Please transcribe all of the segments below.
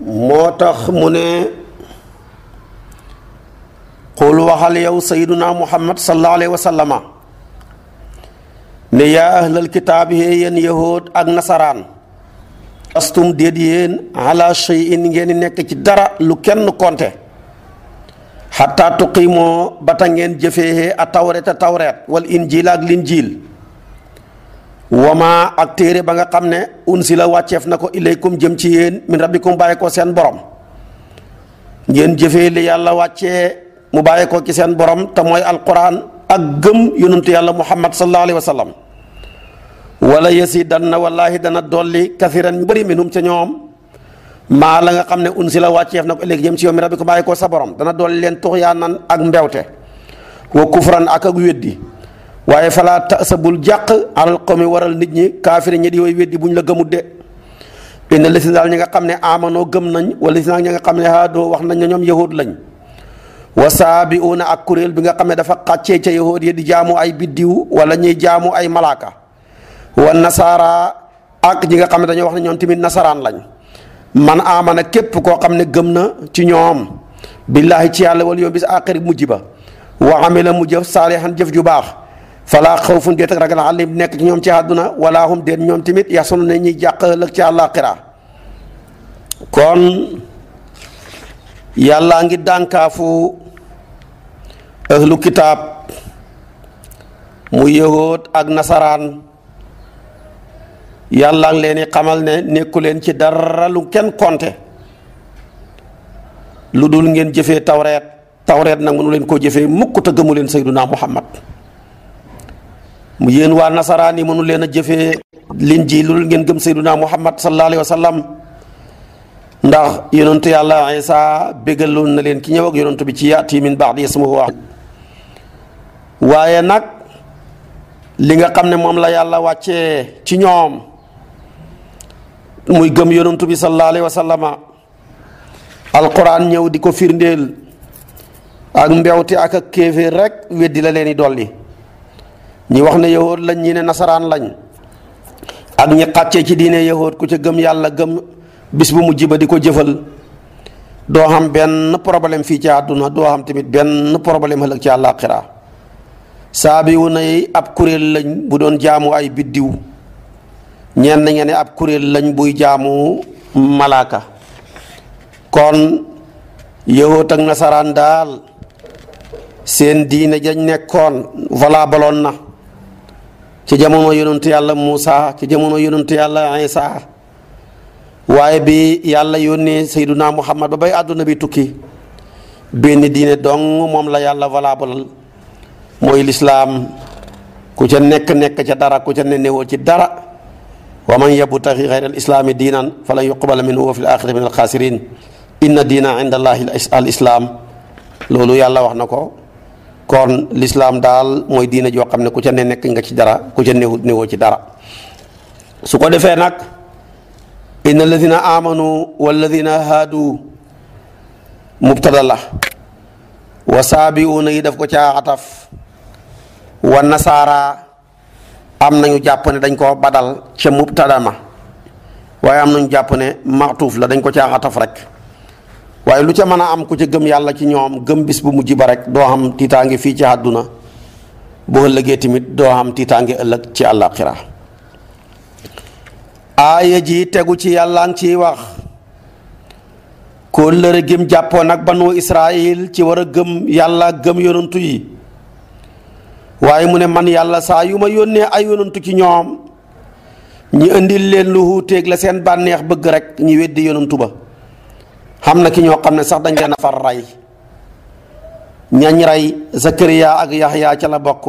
moo tax mu ne qul waxal yow sayyiduna muhammad sallallahu alayhi ne yaa ahlal kitaab yee yéen yahood ak nasaraan astum déet yéen ala shay'in ngeen di nekk ci dara lu kenn konte xataa tuqimoo bata ngeen jëfee a tawreet a tawreet wal injiil ak linjiil wama ak téere ba nga xam ne unsila wàcceef na ko ilaykum jëm ci yéen min rabbikum bàyyi ko seen borom ngeen jëfee li yàlla wàccee mu bàyyi ko ci seen borom te mooy alquran ak gëm yonantu yàlla muhammad sallallahu alayhi wa sallam wala yasidanna wallaahi dana dolli kathiran mbëri minhum ca ñoom maa la nga xam ne unsila wàcceef na ko ilaykum jëm ci yow ko rabbikum bàyyi ko sa borom dana dolli leen tuxyaanan ak mbewte wa kufran ak ak waaye falaa tasa bul jàq alal qawmi waral nit ñi kaafiri ñi di way weddi bu ñu la gëmut de inna lisi daal ñi nga xam ne amanoo gëm nañ wala lisi ñi nga xam ne haadoo wax nañ ne ñoom yahud lañ wa saabiuuna ak kuréel bi nga xam ne dafa xàccee ca yahud yi di jaamu ay biddiw wala ñuy jaamu ay malaaka wa nasaara ak ñi nga xam ne dañoo wax ne ñoom tamit nasaraan lañ man amana képp koo xam ne gëm na ci ñoom billaahi ci yàlla wala yoom bis àxir mujj ba wa mu jëf saalihan jëf ju baax falaa xawfun déet ak ragal alim nekk ci ñoom ci àdduna wala hum déet ñoom tamit yasun na ñuy jàq ëllëg ci àllaaxira kon yàllaa ngi dànkaafu ahlu kitaab mu yëhoot ak nasaraan yàllaa ngi leen xamal ne nekku leen ci dara lu kenn konte lu dul ngeen jëfe tawreet tawreet nag mënu leen koo jëfee mukk te gëmu leen sayduna muhammad mu yéen waa nasaraan yi mënu leen a jëfee lin ji lu ngeen gëm sayduna muhammad sallallahu alayhi wa sallam ndax yonentu yàlla isa béggaloon na leen ki ñëw ak yonentu bi ci yaati min ba'di ismuhu waaye nag li nga xam ne moom la yàlla wàcce ci ñoom muy gëm yonentu bi sallallahu alayhi wa sallama alquran ñëw di ko firndeel ak mbewte ak ak kéeféer rek weddi la leen di dolli ñi wax na yahood lañ ñi ne nasaraan lañ ak ñi xàccee ci diine yahood ku ca gëm yàlla gëm bis bu mujj ba di ko jëfal doo xam benn problème fii ci àdduna doo xam tamit benn problème ëllëg ci àllaaxira saabiwu nay ab kuréel lañ bu doon jaamu ay biddiw ñenn ngeen ab kuréel lañ buy jaamu malaaka kon yahood ak nasaraan daal seen diine jañ nekkoon valabaloon na ci jamono yonentu yàlla Muusa ci jamono yonentu yàlla Isa waaye bi yàlla yónnee Seydunaa Muhammad ba bay àdduna bi tukki benn diine dong moom la yàlla valable mooy lislaam ku ca nekk-nekk ca dara ku ca ne newoo ci dara wa man yabtaxi xayra al islaami diinan falan yuqbala minhu wa fi l min alxaasirin inna diina inda allahi al loolu yàlla wax na ko kon lislaam daal mooy diina joo xam ne ku ca ne nekk nga ci dara ku ca ne newoo ci dara su ko defee nag inna alladina amanu walladina haadu mubtada la wa saabiuuna yi def ko caa ataf wa nasaara am nañu jàpp ne dañ koo badal ca mubtada ma waaye am nañu jàpp ne maxtuuf la dañ ko caa ataf rek waaye lu ca mën a am ku ca gëm yàlla ci ñoom gëm bis bu mujj ba rek doo am tiitaange fii ci àdduna bu ëllëgee tamit doo xam tiitaange ëllëg ci àllaaxira aaya ji tegu ci yàlla ngi ciy wax kóllëre gim jàppoon ak banu Israayil ci war a gëm yàlla gëm yonantu yi waaye mu ne man yàlla saa yu ma yónnee ay yonantu ci ñoom ñi indil leen lu wuuteeg la seen bànneex bëgg rek ñi weddi yonantu ba xam na ki ñoo xam ne sax dañ leen a far rey ñañ rey Zakariya ak Yaxya ca la bokk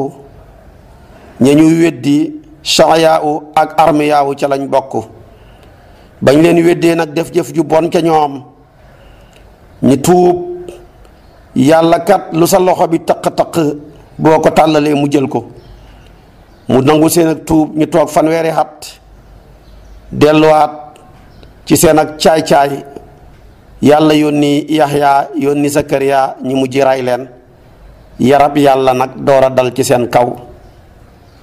ña ñu weddi Shahyau ak Armiyaawu ca lañ bokk bañ leen weddee nag def jëf ju bon ca ñoom ñu tuub yàlla kat lu sa loxo bi taq-taq boo ko tàllalee mu jël ko mu nangu seen ak tuub ñu toog fanweeri xat delluwaat ci seen ak caay-caay yàlla yónni yaxya yónni sakariya ñi mujj ray leen yarab yàlla nag doora dal ci seen kaw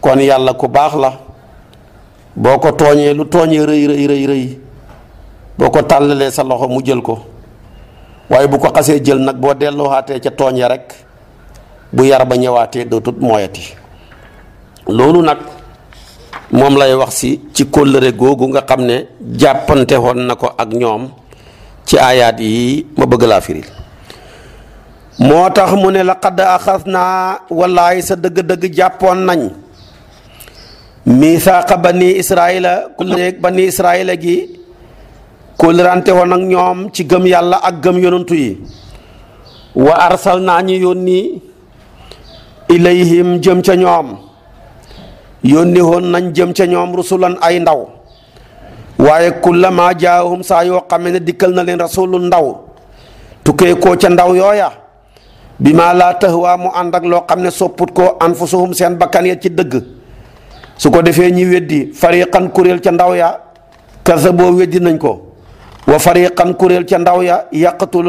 kon yàlla ku baax la boo ko tooñee lu tooñee rëy rëy rëy boo ko tàllalee sa loxo mu jël ko waaye bu ko xasee jël nag boo delloowaatee ca tooñ ya rekk bu yar ba ñëwaatee dootut mooyati loolu nag moom lay wax si ci kóllëre googu nga xam ne jàppante woon na ko ak ñoom ci aayaat yi ma bëgg laa firil moo tax mu ne laqad axas naa wallaay sa dëgg-dëgg jàppoon nañ misaaqa bani israila ku léeg bani gi kóllërante woon ak ñoom ci gëm yàlla ak gëm yonantu yi wa arsal naa ñu yónni ilayhim jëm ca ñoom yónni woon nañ jëm ca ñoom rusulan ay ndaw waaye kullama jaahum saa yoo xam ne dikkal na leen rasulu ndaw tukkee ko ca ndaw yooya bi maa laa tahwaa mu ànd ak loo xam ne sopput koo anfusuhum seen bakkan ya ci dëgg su ko defee ñi weddi fariqan kuréel ca ndaw ya kazaboo weddi nañ ko wa fariqan kuréel ca ndaw ya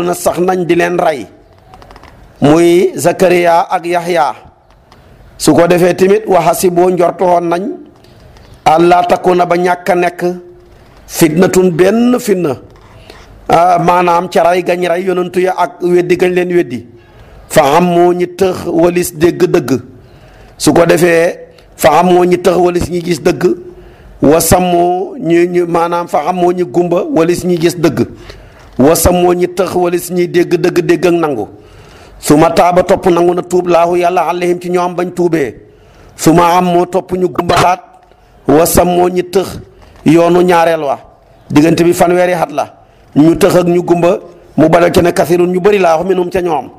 na sax nañ di leen rey muy Zakariya ak Yaxya su ko defee tamit waxasi boo njortoon nañ àllaa takku na ba ñàkk a nekk fitnatun benn fitna ah, maanaam ca ray gañ ray yonantu yi ak weddi gañ leen weddi fa amoo ñi tëx walis dégg ko defee fa amoo ñi tëx walis ñi gis dëgg wasamoo ñi ñu maanaam fa amoo ñi gumba si ñi gis dëgg wasamoo ñi tëx walis ñi dégg dëgg dégg ak nangu su ma taaba topp nangu na tuub laahu yàlla alayhim ci am bañ tuubee su ma am moo topp ñu gumbalaat wasamoo ñi tëx yoonu ñaareel wa diggante bi fanweeri xat la ñu tëx ñu gumba mu badal ke kasirun ñu bari laa minhum ca ñoom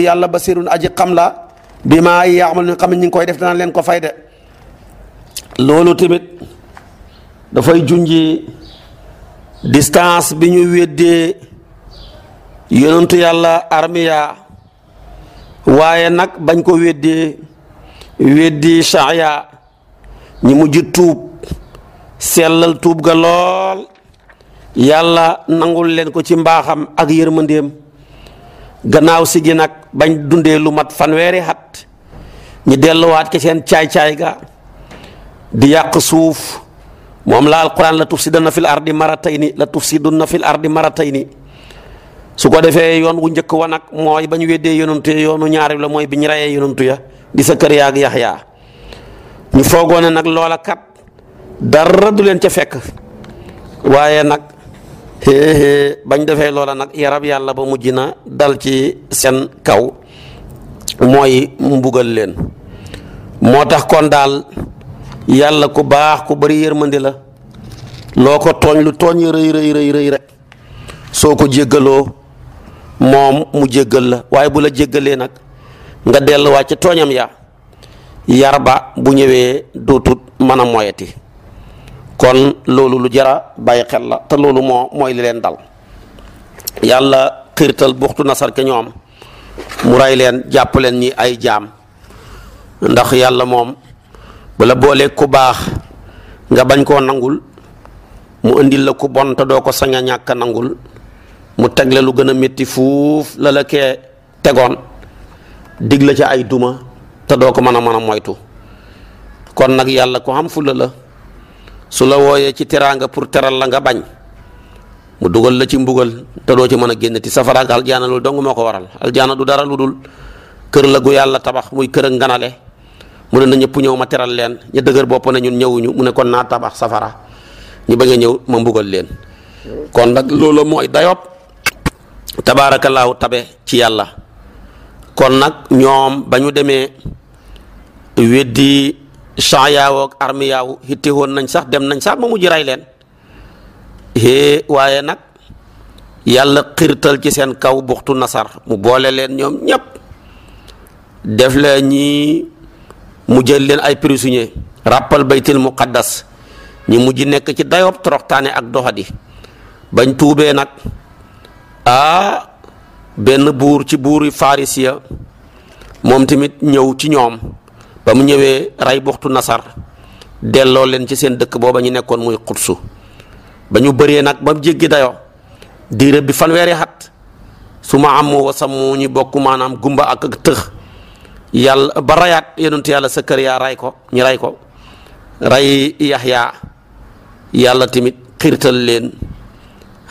yàlla basirun aji xam la bi maa ñu xam ne ñu ngi koy def naa leen ko fay de loolu tamit dafay junji distance bi ñu weddee yonentu yàlla armiya waaye nag bañ ko weddee weddi shaaya ñu mujj tuub sellal tuub ga lool yàlla nangul leen ko ci mbaaxam ak yërmandeem gannaaw si gi nag bañ dundee lu mat fanweeri xat ñu delluwaat ke seen caay-caay ga di yàq suuf moom la alquran la tufsidanna fil ardi maratayni la tufsidunna fil ardi maratayni su ko defee yoon wu njëkk wa nag mooy ba ñu weddee yonantu ya yoonu ñaari la mooy bi ñu rayee yonantu ya di sa kër yaag yaxyaa ñu foogoone nag loola kat dara du leen ca fekk waaye nag bañ defee loola nag yarab yàlla ba mujj na dal ci seen kaw mooy mbugal leen moo tax kon daal yàlla ku baax ku bari yërmandi la loo ko tooñ lu tooñ rëy rëy rëy rek soo ko jéggaloo moom mu jéggal la waaye bu la jéggalee nag nga delluwaat ci tooñam ya yarba bu ñëwee dootut mën a moyeti kon loolu lu jara bàyyi xel la te loolu moo mooy li leen dal yàlla xiirtal buxtu nasar ke ñoom mu rey leen jàpp leen ñi ay jaam ndax yàlla moom bala boolee ku baax nga bañ koo nangul mu indil la ku bon te doo ko sañ a nangul mu teg la lu gën a métti fuuf la la kee tegoon dig la ca ay duma te doo ko mën a mën a moytu kon nag yàlla ko xam fulla la su la wooyee ci teraanga pour teral la nga bañ mu dugal la ci mbugal te doo ci mën a génn ti safara ak aljaana loolu dong moo ko waral aljaana du dara lu dul kër la gu yàlla tabax muy kër ak nganale mu ne na ñëpp ñëw ma teral leen ñu dëgër bopp na ñun ñëwuñu mu ne kon naa tabax safara ñu bëgg a ñëw ma mbugal leen kon nag loolu mooy dayoob tabaarakallaahu tabe ci yàlla kon nag ñoom ba ñu demee weddi Shayaawoog Armiyaaw hitti woon nañ sax dem nañ sax ba mujj rey leen hee waaye nag yàlla xirtal ci seen kaw buxtu nasar mu boole leen ñoom ñëpp def la ñi mu jël leen ay prisonnier ràppal baytil muqaddas ñu mujj nekk ci dayoob toroxtaane ak doxadi bañ tuubee nag ah benn buur ci buur buuri farisiya moom tamit ñëw ci ñoom ba mu ñëwee rey buxtu nasar delloo leen ci seen dëkk booba ñu nekkoon muy xutsu ba ñu bëree nag ba mu jéggi dayoo diire bi fanweeri xat su ma amoo wasam mu ñu bokk maanaam gumba ak ak tëx yàlla ba rayaat yonentu yàlla Sakariyaa ray ko ñu ray ko ray Yaxya yàlla tamit xiirtal leen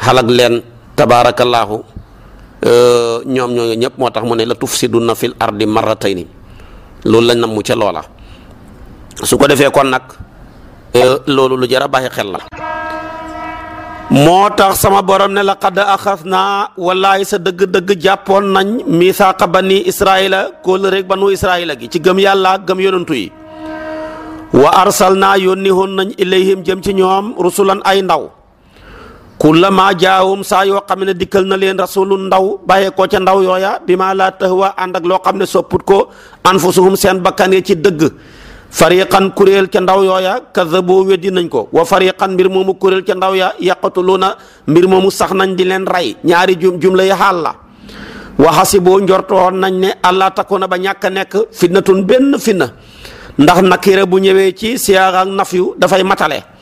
xalak leen tabaarakallaahu ñoom ñooñu ñëpp moo tax mu ne la tufsiduna fil ardi marratayni loolu lañ namm ca loola su ko defee kon nag eh, loolu lu jar a bàyyi xel la moo tax sama borom ne la laqad naa wallaay sa dëgg-dëgg jàppoon nañ misaaqa bani israila kóolu rek banu israila gi ci gëm yàllaa gëm yonantu yi wa arsalnaa yónni woon nañ ilayhim jëm ci ñoom rusulan ay ndaw kullama jaawum saa yoo xam ne dikkal na leen rasulu ndaw bàyyeekoo ca ndaw yooya bi ma laa tahwa ànd ak loo xam ne sopput ko anfusuhum seen bakkan yi ci dëgg fariqan kuréel ca ndaw yooya kazabo weddi nañ ko wa fariqan mbir moomu kuréel ca ndaw ya na mbir moomu sax nañ di leen rey ñaari jum jumla yi xaal la wa xasiboo njortoon nañ ne allah na ba ñàkk a nekk fitnatun benn fitna ndax nakira bu ñëwee ci siyaaga naf yu dafay matale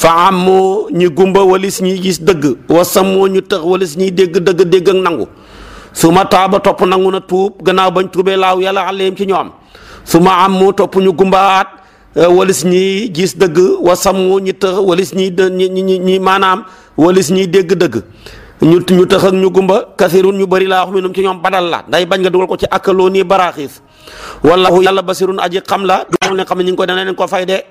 fa ammoo ñi gumba walis ñi gis dëgg wa woo ñu tëx walis ñiy dégg dëgg dégg ak nangu su ma taaba topp nangu na tuub gannaaw bañ tuubee laaw yàlla àlleem ci ñoom su ma moo topp ñu gumbaat eh, walis ñi gis dëgg wa sammoo ñi tëx walis ñi ñi ñi maanaam walis ñiy dégg dëgg ñu ñu tax ak ñu gumba kasirun ñu bari laa wax minum ci ñoom badal la nday bañ nga dugal ko ci akkaloo nii baraaxiis wallahu yàlla basirun aji xam la du ne xam ne ñu ngi ko dana leen ko fay de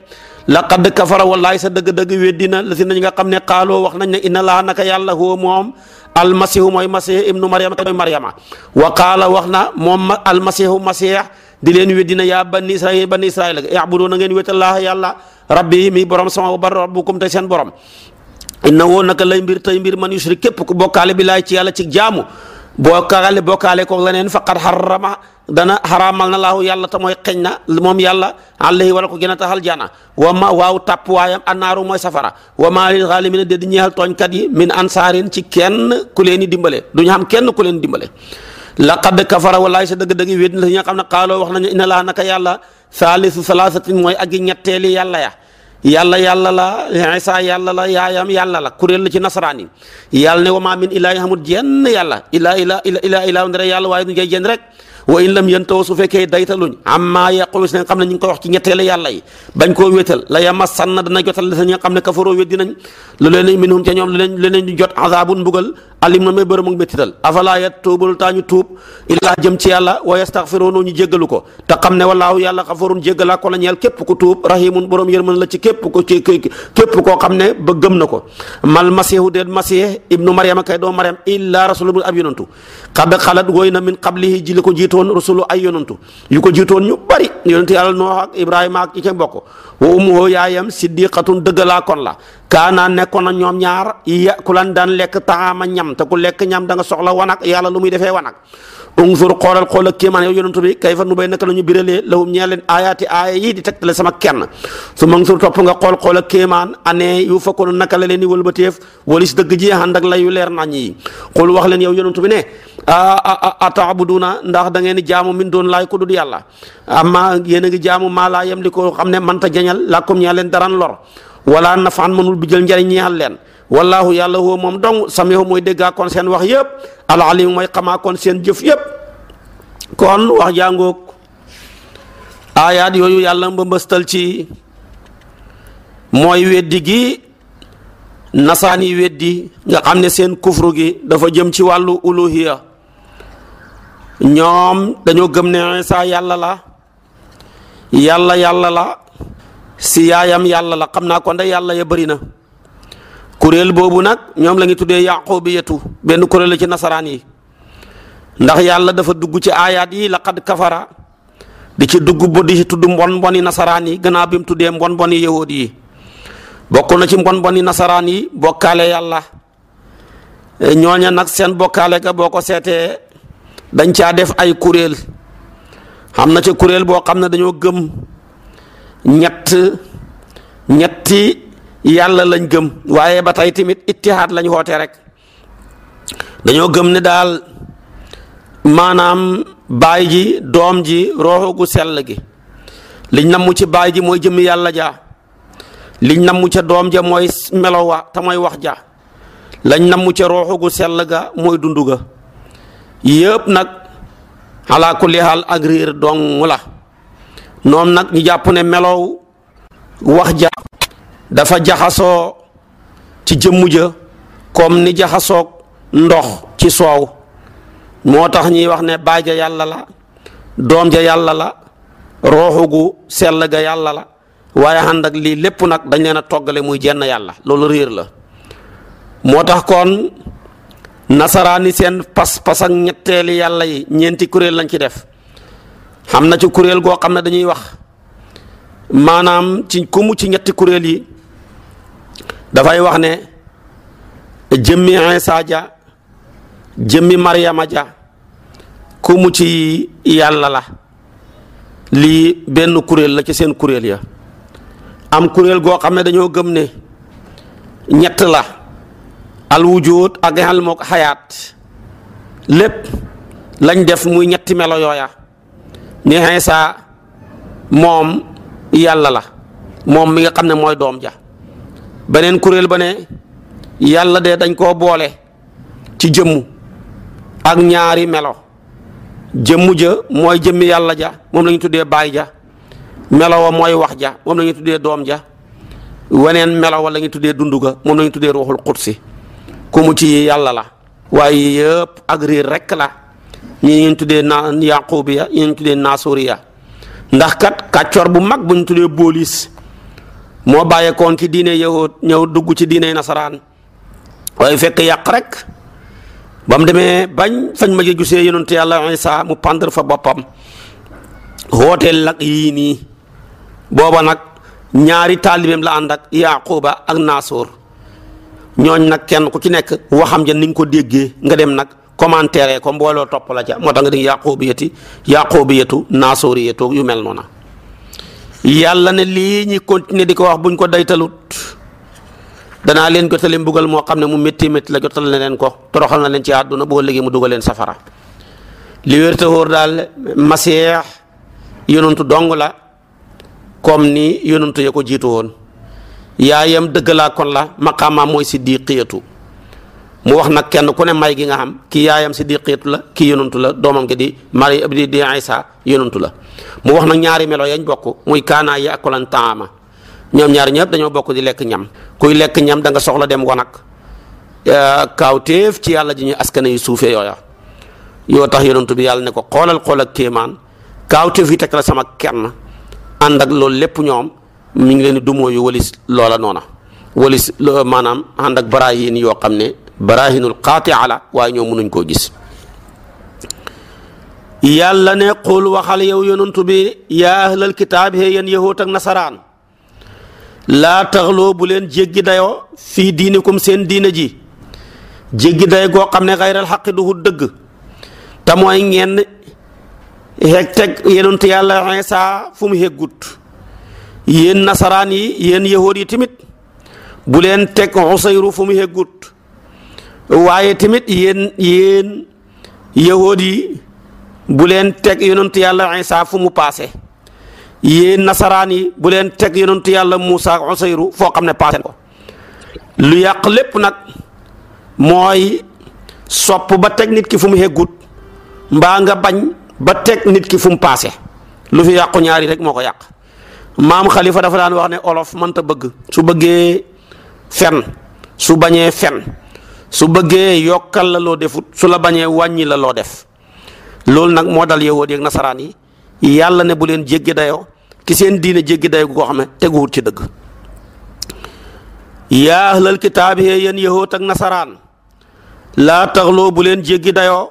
laqad kafara wallaay sa dëgg-dëgg weddina la si nañ nga xam ne xaaloo wax nañ ne inna laa naka yàlla huwa moom almasihu mooy masih ibnu maryama mooy maryama wa qaala wax na moom almasihu masih di leen weddina yaa bani israil bani israil yaabudu na ngeen wétal laa yàlla rabbi mi borom sama wa bar rabbukum te seen borom inna woo naka lay mbir tey mbir man yushrik képp ku bokkaale bi laay ci yàlla ci jaamu bokkaale bokkaale ko leneen faqad harrama dana xaraamal na laahu yàlla te mooy xeñ na moom yàlla alayhi wala ko gën a taxal jana wa ma waaw tàpp waayam annaaru mooy safara wa maa lil xaalimina déd ñeexal tooñkat yi min ansaarin ci kenn ku leen di dimbale du ñu kenn ku leen dimbale laqad kafara walaay sa dëgg-dëgg wéet na si ñi nga xam ne xaaloo wax nañu inna laa naka yàlla saalisu salaasatin mooy ak ñetteeli yàlla ya yàlla yàlla la isa yàlla la yaayam yàlla la kuréel la ci nasaraan yi yàlla ne wa maa min ilaahi amul jenn yàlla ilaa ilaa ilaa ilaa ndere yàlla waaye du jey jenn rek wa in lam yantahu su fekkee daytaluñ amma yaqulu si nga xam ne ñu ngi koy wax ci ñetteelu yàlla yi bañ koo wéetal la yamassanna dana jotal sa ñi nga xam ne kafaroo weddi nañ lu leen minhum ca ñoom lu leen lu leen jot azabun mbugal alim na may bërëm ak méttital afala yatuubuna taa ñu tuub ilaa jëm ci yàlla wa yastaxfiruuna ñu jéggalu ko te xam ne wallaahu yàlla xafarun jéggalaa ko la ñeel képp ku tuub rahimun borom yërmën la ci képp ko ci képp koo xam ne ba gëm na ko mal masihu deel masih ibnu mariama kay doo mariam illa rasulun ab yonantu qad xalat wooy na min qablihi ji li ko jiitu woon rusulu ay yonantu yu ko jiitoon ñu bari yonantu yàlla noox ak ibrahima ak ñi ca bokk wa ummuhu yaayam siddiqatun dëggalaa kon la kaanaan nekkoon na ñoom ñaar ya ku lan daan lekk taama ñam te ku lekk ñam da nga soxla wanag yàlla lu muy defee wanag unzur xoolal xoolal kéemaan yow yonent kay kayfa nu bay naka la ñu biralee lahum ñeel leen aayaati aaya yi di tegtale sama kenn su ma unzur topp nga xool xoolal kéemaan année yu fakkoon naka la leen di wëlbateef walis dëgg ji ànd ak la yu leer nañ yi xool wax leen yow yonent bi ne a ataabuduuna ndax da ngeen di jaamu min doon laay ku dul yàlla amma yéen a ngi jaamu maa laa yem li ko xam ne mënta jañal làkkum a leen daran lor wala nafaan mënul bu jël njëriñ ñeexal leen wallaahu yàlla woo moom dong samihu mooy déggaa kon seen wax yëpp alalimu mooy xamaa kon seen jëf yëpp kon wax jàngoog aayaat yooyu yàlla mbëmbëstal ci mooy weddi gi nasaan yi weddi nga xam ne seen kufru gi dafa jëm ci wàllu uluhiya ñoom dañoo gëm ne Isaa yàlla la yàlla yàlla la si yaayam yàlla la xam naa ko nde yàlla ya bëri na kuréel boobu nag ñoom la ngi tuddee yaqubiyatu benn kuréel la ci nasaraan yi ndax yàlla dafa dugg ci aayaat yi laqad kafara di ci dugg bu di ci tudd mbon mbon yi nasaraan yi gannaaw bi mu tuddee mbon mboni yahood yi bokk na ci mbon mbon yi nasaraan yi bokkaale yàlla e, ñooña nag seen bokkaale ga boo ko seetee dañ caa def ay kuréel xam na ci kuréel boo xam ne dañoo gëm ñett ñetti yàlla lañ gëm waaye ba tey tamit ittihaad lañ woote rek dañoo gëm ne daal maanaam baay ji doom ji rooxu gu sell gi liñ namm ci baay ji mooy jëmmi yàlla ja liñ namm ca doom ja mooy melowa tamay wax ja lañ namm ca rooxu gu sell ga mooy dund ga yëpp nag ala kulli haal ak riir dong la noom nag ñu jàpp ne melow wax ja dafa jaxasoo ci jëmm ja comme ni jaxasook ndox ci soow moo tax ñuy wax ne baay ja yàlla la doom ja yàlla la rooxu gu sell ga yàlla la waaye ànd lii lépp nag dañ leen a toggale muy jenn yàlla loolu réer la moo tax kon nasaraani seen pas-pas ak ñetteeli yàlla yi ñeenti kuréel lañ ci def am na ci kuréel goo xam ne dañuy wax maanaam ci kumu ci ñetti kuréel yi dafay wax ne jëmmi Isa ja jëmmi Maryama ja kumu ci yàlla la lii benn kuréel la ci seen kuréel ya am kuréel goo xam ne dañoo gëm ne ñett la al wujud ak al mook xayaat lépp lañ def muy ñetti melo yooya ni Iisaa moom yàlla la moom mi nga xam ne mooy doom ja beneen kuréel ba ne yàlla de dañ koo boole ci jëmm ak ñaari melo jëmm ja mooy jëmmi yàlla ja moom la tuddee baay ja melo mooy wax ja moom la tuddee doom ja weneen melo wa la tuddee dund ga moom la tuddee ruuxul qudsi ku mu ci yàlla la waaye yëpp ak réer rekk la ñii ngeen tuddee na yaqubiya ñii ñu tuddee nasuriya ndax kat kàccoor bu mag bu ñu tuddee boolis moo bàyyeekoon ci diine yahud ñëw dugg ci diine nasaraan waaye fekk yàq rek ba mu demee bañ fañ ma gisee yonent yàlla Isa mu pendre fa boppam hooteel nag yii nii booba nag ñaari taalibeem la ànd ak yaquba ak naasur ñooñ nag kenn ku ci nekk waxam ja ni nga ko déggee nga dem nag commentaire ko mbooloo topp la ca moo tax nga di yaqubiyati yaqubiyatu naasoriyatu yu mel noona yàlla ne lii ñi continuer di ko wax buñ ko daytalut danaa leen jotale mbugal moo xam ne mu metti métti la jotal na leen ko toroxal na leen ci àdduna boo léegi mu dugal safara li wér daal masiix yonantu dong la comme ni yonantu ya ko jiitu woon yaayam dëgg laa kon la maqaamaam mooy siddiqiyatu mu wax nag kenn ku ne may gi nga xam kii yaayam si di siddiqiitu la kii yonantu la doomam gi di mari abdi di isa yonantu la mu wax nag ñaari melo yañ bokk muy kaanaa yaakulan taama ñoom ñaari ñëpp dañoo bokk di lekk ñam kuy lekk ñam da nga soxla dem wanag kaawteef ci yàlla ji ñuy askane yu suufee yooya yoo tax yonantu bi yàlla ne ko xoolal xool kéemaan kaawteef yi teg la sama kenn ànd ak loolu lépp ñoom mu ngi leen di dumoo yu walis loola noona walis maanaam ànd ak barayin yoo xam ne barahinul qaatia la waaye ñoom mënuñ koo gis yàlla ne qul waxal yow yonantu bi yaa ahlal kitaab hee yéen yahuut nasaraan laa taxloo bu leen jéggi dayoo fii diinikum seen diina ji jéggi day goo xam ne xayral xaqi du hut dëgg te mooy ngeen xeeg teg yonantu yàlla Iisaa fu mu heggut yéen nasaraan yi yéen yahuut yi tamit bu leen teg Usayru fu mu heggut waaye tamit yéen yéen yahood yi bu leen teg yonentu yàlla Isa fu mu paase yéen nasaraan yi bu leen teg yonentu yàlla Muusa Usayru foo xam ne paase ko lu yàq lépp nag mooy sopp ba teg nit ki fu mu heggut mbaa nga bañ ba teg nit ki fu mu paase lu fi yàqu ñaari rek moo ko yàq maam xalifa dafa daan wax ne olof mënta bëgg su bëggee fen su bañee fen su bëggee yokkal la loo defut su la bañee wàññi la loo def loolu nag moo dal yowoot yeeg nasaraan yi yàlla ne bu leen jéggi dayoo ci seen diine jéggi dayoo goo xam ne teguwut ci dëgg yaa ahlal kitaab yee yéen yahoot nasaraan laa taxloo bu leen jéggi dayoo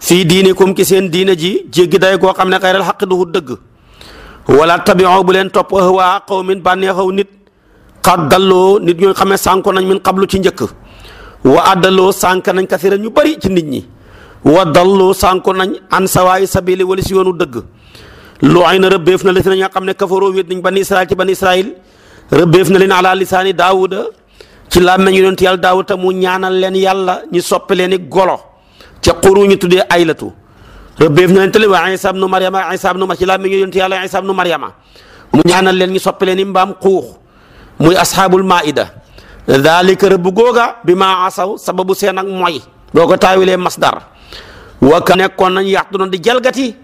fii diinikum ci seen diine ji jéggi dayoo goo xam ne xayral xaq duhut dëgg bu leen topp ahwaa qawmin bànneexaw nit xad dalloo nit ñooy xamee sànko nañ min xablu ci njëkk wa addaloo sànk nañ kasiran ñu bari ci nit ñi wa dalloo sànko nañ an sawaayi sabili wala si yoonu dëgg lu ay na rëbbeef na la si na ñoo xam ne kafaroo wéet nañ bani israil ci bani israil rëbbeef na leen ala lisaani daawuda ci doon yonent yàlla daawuda mu ñaanal leen yàlla ñu soppi leen i golo ca xuru ñu tuddee aylatu rëbbeef na leen tali waa isa ibnu mariama isa ibnu ma ci làmmeñ yonent yàlla isa ibnu mariama mu ñaanal leen ñu soppi leen i mbaam xuux muy asxaabul maida daalika rëbb googa bi maa asaw sababu seen ak mooy boo ko taawilee masdar wa ka nekkoon nañ yaxtu noon di jalgati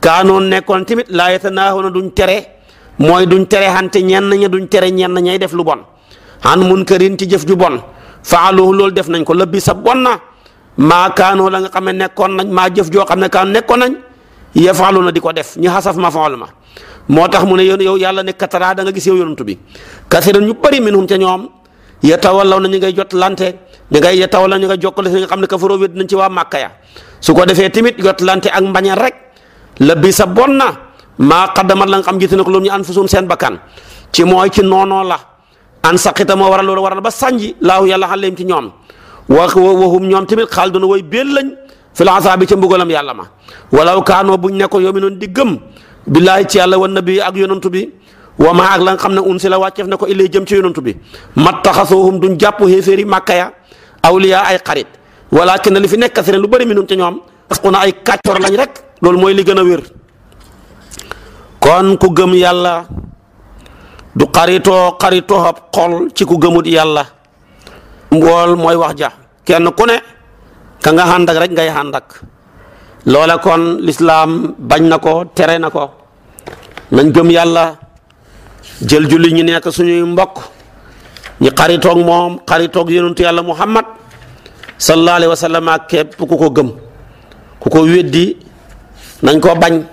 kaanoon nekkoon tamit laa yatanaahoona duñ tere mooy duñ tere xante ñenn ña duñ tere ñenn ñay def lu bon xan munkarin ci jëf ju bon faaluhu loolu def nañ ko lëbbi sa bon na maa kaanoo la nga xam ne nekkoon nañ maa jëf joo xam ne kaan nekkoon nañ yafaalu na di ko def ñu xasaf ma fa ma moo tax mu ne yow yàlla nekk kataraa da nga gis yow bi kasiran ñu bëri minhum yatawallaw na ñu ngay jot lante ñu ngay yatawallaw ñu ngay jokkale si nga xam ne kafaroo wét nañ ci waa màkka ya su ko defee tamit jot lante ak mbañal rek la bi sa bon na maa xaddamat la nga xam jiite na ko loolu ñu an fusum seen bakkan ci mooy ci noonoo la an saqita moo waral loolu waral ba sànji laahu yàlla xaleem ci ñoom wa waxum ñoom tamit xaal doona woy béel lañ fil asaabi ca mbugalam yàlla ma walaw kaanoo buñ nekkoon yow mi noonu di gëm billaahi ci yàlla wan nabi ak yonantu bi wa maa ak la nga xam ne unsila wàcceef na ko illee jëm ci yonantu bi mattaxasuhum duñ jàpp xéeféer yi màkka ya awliya ay xarit walakin na li fi nekk seen lu bëri minum ci ñoom asku na ay kàccoor lañ rek loolu mooy li gën a wér ku gëm yàlla du xol ci ku gëmut yàlla mbool mooy wax ja kenn ku ne ka nga xàndak rek ngay xàndak loola kon lislaam bañ na ko tere na ko nañ gëm yàlla jël julli ñi nekk suñuy mbok ñi xaritoog moom xaritoog yonentu yàlla muhammad sallallahu alayhi wa sallam ak képp ku ko gëm ku ko weddi nañ ko bañ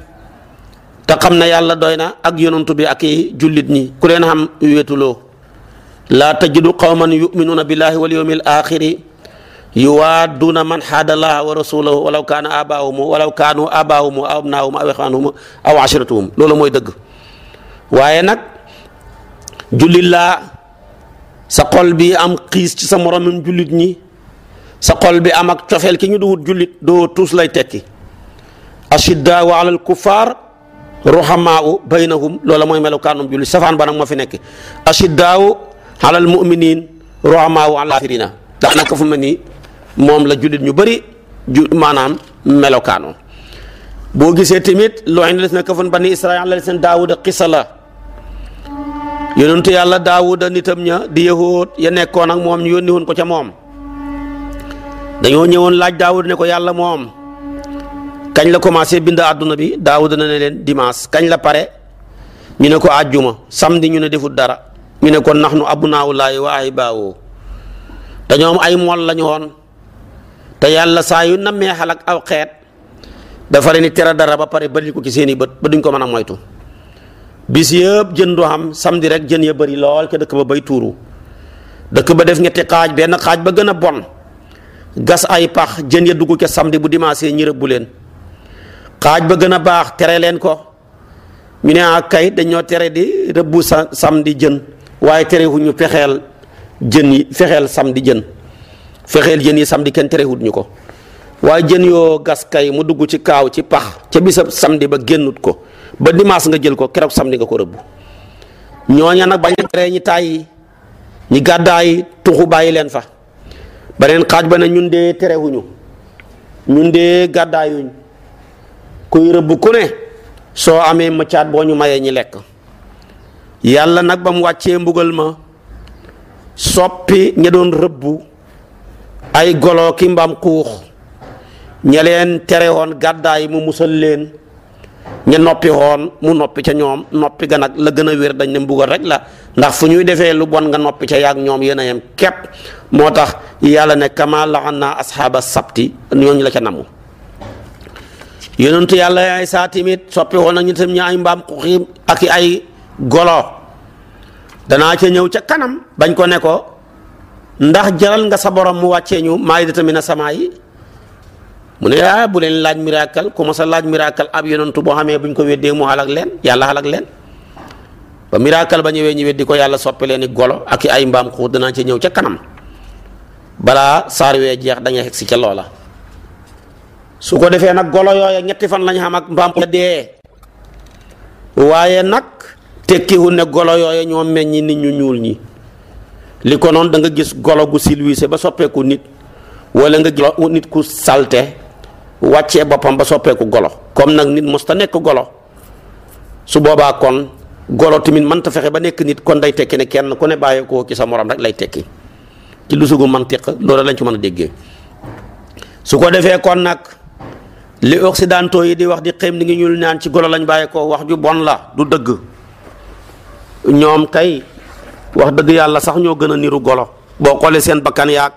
te xam na yàlla doy na ak yonentu bi ak i jullit ñi ku leen xam wéetuloo laa tajidu qawman yuminuuna billahi wal yawmil axiri yuwaadduuna man xaadallaaha wa rasulahu walaw kaana abaahum walaw kaanu abaahum aw abnaahum loolu mooy dëgg waaye nag jullit laa sa xol bi am xiis ci sa moromam jullit ñi sa xol bi am ak cofeel ki ñu duwut jullit doo tuus lay tekki ashiddaau alal kuffaar ruhamaau baynahum loola mooy melokaanum jullit safaan ba nag moo fi nekk ashiddaau alal mu'miniin ruhamaau alal kaafiriina ndax naka fu mu moom la jullit ñu bari ju maanaam melokaanoo boo gisee tamit loo xam ne des na kafan bani Israa'iil la seen Daawuda xisa la yonentu yàlla daawuda nitam ña di yahood ya nekkoon ak moom ñu yónni woon ko ca moom dañoo ñëwoon laaj daawuda ne ko yàlla moom kañ la commencé bind àdduna bi daawuda na ne leen dimanche kañ la pare ñu ne ko àjjuma samedi ñu ne defut dara ñu ne kon nax nu abnaawullaahi wa waaye baawoo dañoom ay mol lañu woon te yàlla saa yu nammee ak aw xeet dafa leen di tere dara ba pare di ko ci seeni bët ba duñ ko mën a moytu bis yëpp jën du xam samedi rek jën ya bëri lool ca dëkk ba bay tuuru dëkk ba def ñetti xaaj benn xaaj ba gën a bon gas ay pax jën ya dugg ca samdi bu dimanche ñi rëbbu leen xaaj ba gën a baax tere leen ko ñu ne ak ah kay dañoo tere di rëbbu sa samedi jën waaye terewut ñu fexeel jën yi fexeel samedi jën fexeel jën yi samedi kenn terewut ñu ko waaye jën yoo gas kay mu dugg ci kaaw ci pax ca bisab samedi ba génnut ko ba dimaas nga jël ko keroog samedi nga ko rëbb ñooña nag bañ a tere ñi tàyyi ñi gàddaay tuxu bàyyi leen fa beneen xaaj ba na ñun de terewuñu ñun de gàddaayuñ kuy rëbb ku ne soo amee mëccaat boo ñu mayee ñi lekk yàlla nag ba mu wàccee mbugal ma soppi ña doon rëbbu ay golo ki mbaam xuux ña leen tere woon gàddaay mu musal leen ña noppi woon mu noppi ca ñoom noppi ga nag la gën a wér dañ ne mbugal rek la ndax fu ñuy defee lu bon nga noppi ca yaag ñoom yéen a yem moo tax yàlla ne kama laxan naa asxaaba sabti ñooñu la ca namu yonentu yàlla ay saa timit soppi woon na ñu tam ñu ay mbaam xuxi ak i ay golo danaa ca ñëw ca kanam bañ ko ne ko ndax jaral nga sa borom mu wàccee ñu maay de tamit na sama mu ne ah bu leen laaj miraakal ku mos a laaj miracle ab yonantu boo xamee bu buñ ko weddee mu xalak leen yàlla xalak leen ba miracle ba ñëwee ñu weddi ko yàlla soppee leen golo ak ay mbaam xuux danaa ci ñëw ca kanam balaa saar jeex da si ca su ko defee nag golo yooya ñetti fan lañu xam ak mbaam xuux dee waaye nag tekkiwu ne golo yooya ñoo meññi nit ñu ñuul ñi li ko noonu da nga gis golo gu silwiise ba soppeeku nit wala nga gis nit ku salte wàccee boppam ba soppeeku golo comme nag nit mos ta nekk golo su boobaa kon golo tamit mën ta fexe ba nekk nit kon day tekki ne kenn ku ne bàyyi ko ci sa morom rek lay tekki ci lu man mantiq loolu lañ ci mën a déggee su ko defee kon nag li occidentaux yi di wax di xëm di ngi ñuul naan ci golo lañu bàyyi ko wax ju bon la du dëgg ñoom kay wax dëgg yàlla sax ñoo gën a niru golo boo xoolee seen bakkan yaag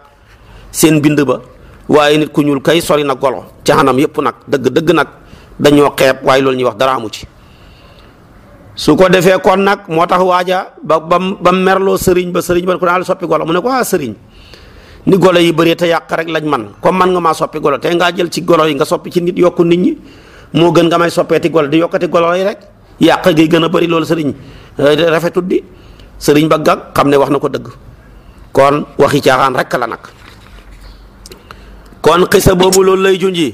seen bind ba waaye nit ku ñuul kay sori na golo ci xanam yëpp nag dëgg dëgg nag dañoo xeeb waaye loolu ñuy wax dara amu ci su ko defee kon nag moo tax waaja ba bam ba merloo sëriñ ba sëriñ ba ko naa la mu ne ko ah sëriñ ni yi bëree te yàq rek lañ man comme man nga maa soppi golo ngaa jël ci golo yi nga soppi ci nit yokku nit ñi moo gën nga may soppeeti golo di golo yi rek yàq gi gën a bëri loolu sëriñ eh, rafetut di sëriñ ba gag xam ne wax na ko dëgg kon waxi caaxaan rek la nag kon xisa boobu loolu lay junji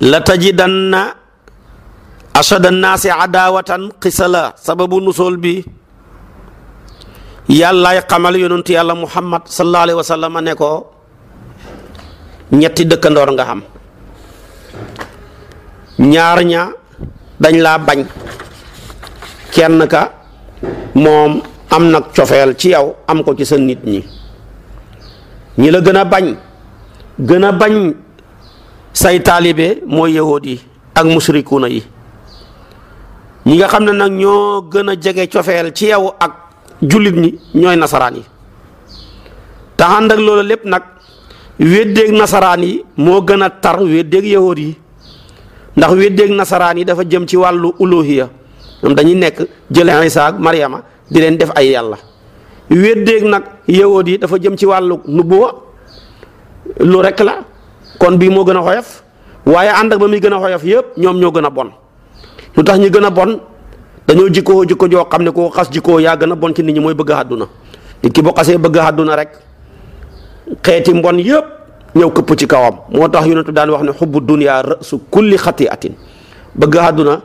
la tajidanna ashada naasi adaawatan xisa la sababu nusool bi yàllaay xamal yonentu yàlla muhammad sallallahu alayhi wa sallam ne ko ñetti dëkkandoor nga xam ñaar ña dañ laa bañ kenn ka moom am nag cofeel ci yow am ko ci sa nit ñi ñi la gën a bañ gën a bañ say taalibe mooy yahood yi ak musrikuuna yi ñi nga xam ne nag ñoo gën a jege cofeel ci yow ak jullit ñi ñooy nasaraan yi te loolu lépp nag weddeeg nasaraan yi moo gën a tar weddeeg yahood yi ndax weddeeg nasaraan yi dafa jëm ci wàllu uluhiya ñoom dañuy nekk jële Isa ak di leen def ay yàlla weddeeg nag yahood yi dafa jëm ci wàllu nubuwa lu rek la kon bii moo gën a xoyof waaye ànd ak ba muy gën a xoyof yëpp ñoom ñoo gën a bon lu tax ñu gën a bon dañoo jikkoo jikko joo xam ne koo xas jikkoo yaa gën a bon ci nit ñi mooy bëgg a àdduna nit ki bu xasee bëgg a àdduna rek xeeti mbon yëpp ñëw këpp ci kawam moo tax yonentu daan wax ne xubbu dunya su kulli xati'atin bëgg a àdduna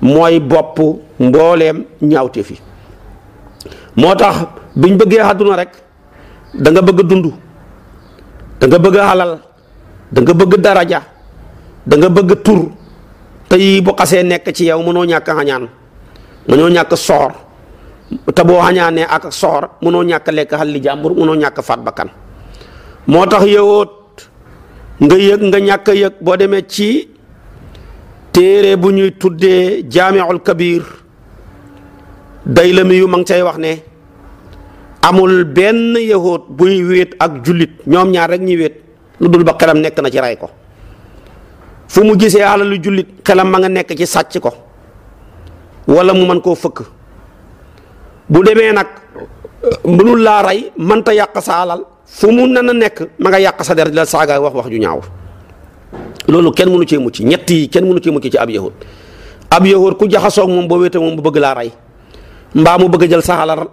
mooy bopp mbooleem ñaawte fi moo tax biñ bëggee àdduna rek danga bëgg dund danga bëgg alal danga bëgg daraja da nga bëgg tur te yii bu xasee nekk ci yow mënoo ñàkk xañaan mënoo ñàkk soxor te boo xañaanee ak soxor mënoo ñàkk lekk xal li jàmbur mënoo ñàkk faat bakkan moo tax yowoot nga yëg nga ñàkk yëg boo demee ci téere bu ñuy tuddee jaamiul kabir day la mi yu ma ngi cay wax ne amul benn yahood buy wéet ak jullit ñoom ñaar rek ñi wéet lu dul ba xelam nekk na ci rey ko fu mu gisee alalu jullit xelam ma nga nekk ci sàcc ko wala mu mën koo fëkk bu demee nag mënul laa rey manta yàq sa alal fu mu nan nekk ma nga yàq sa der di la wax wax ju ñaaw loolu kenn mënu cee mucc ñett yi kenn mënu cee mucc ci ab yahood ab yahood ku jaxasoo moom boo wéetee moom bu bëgg laa rey mbaa mu bëgg jël sa alal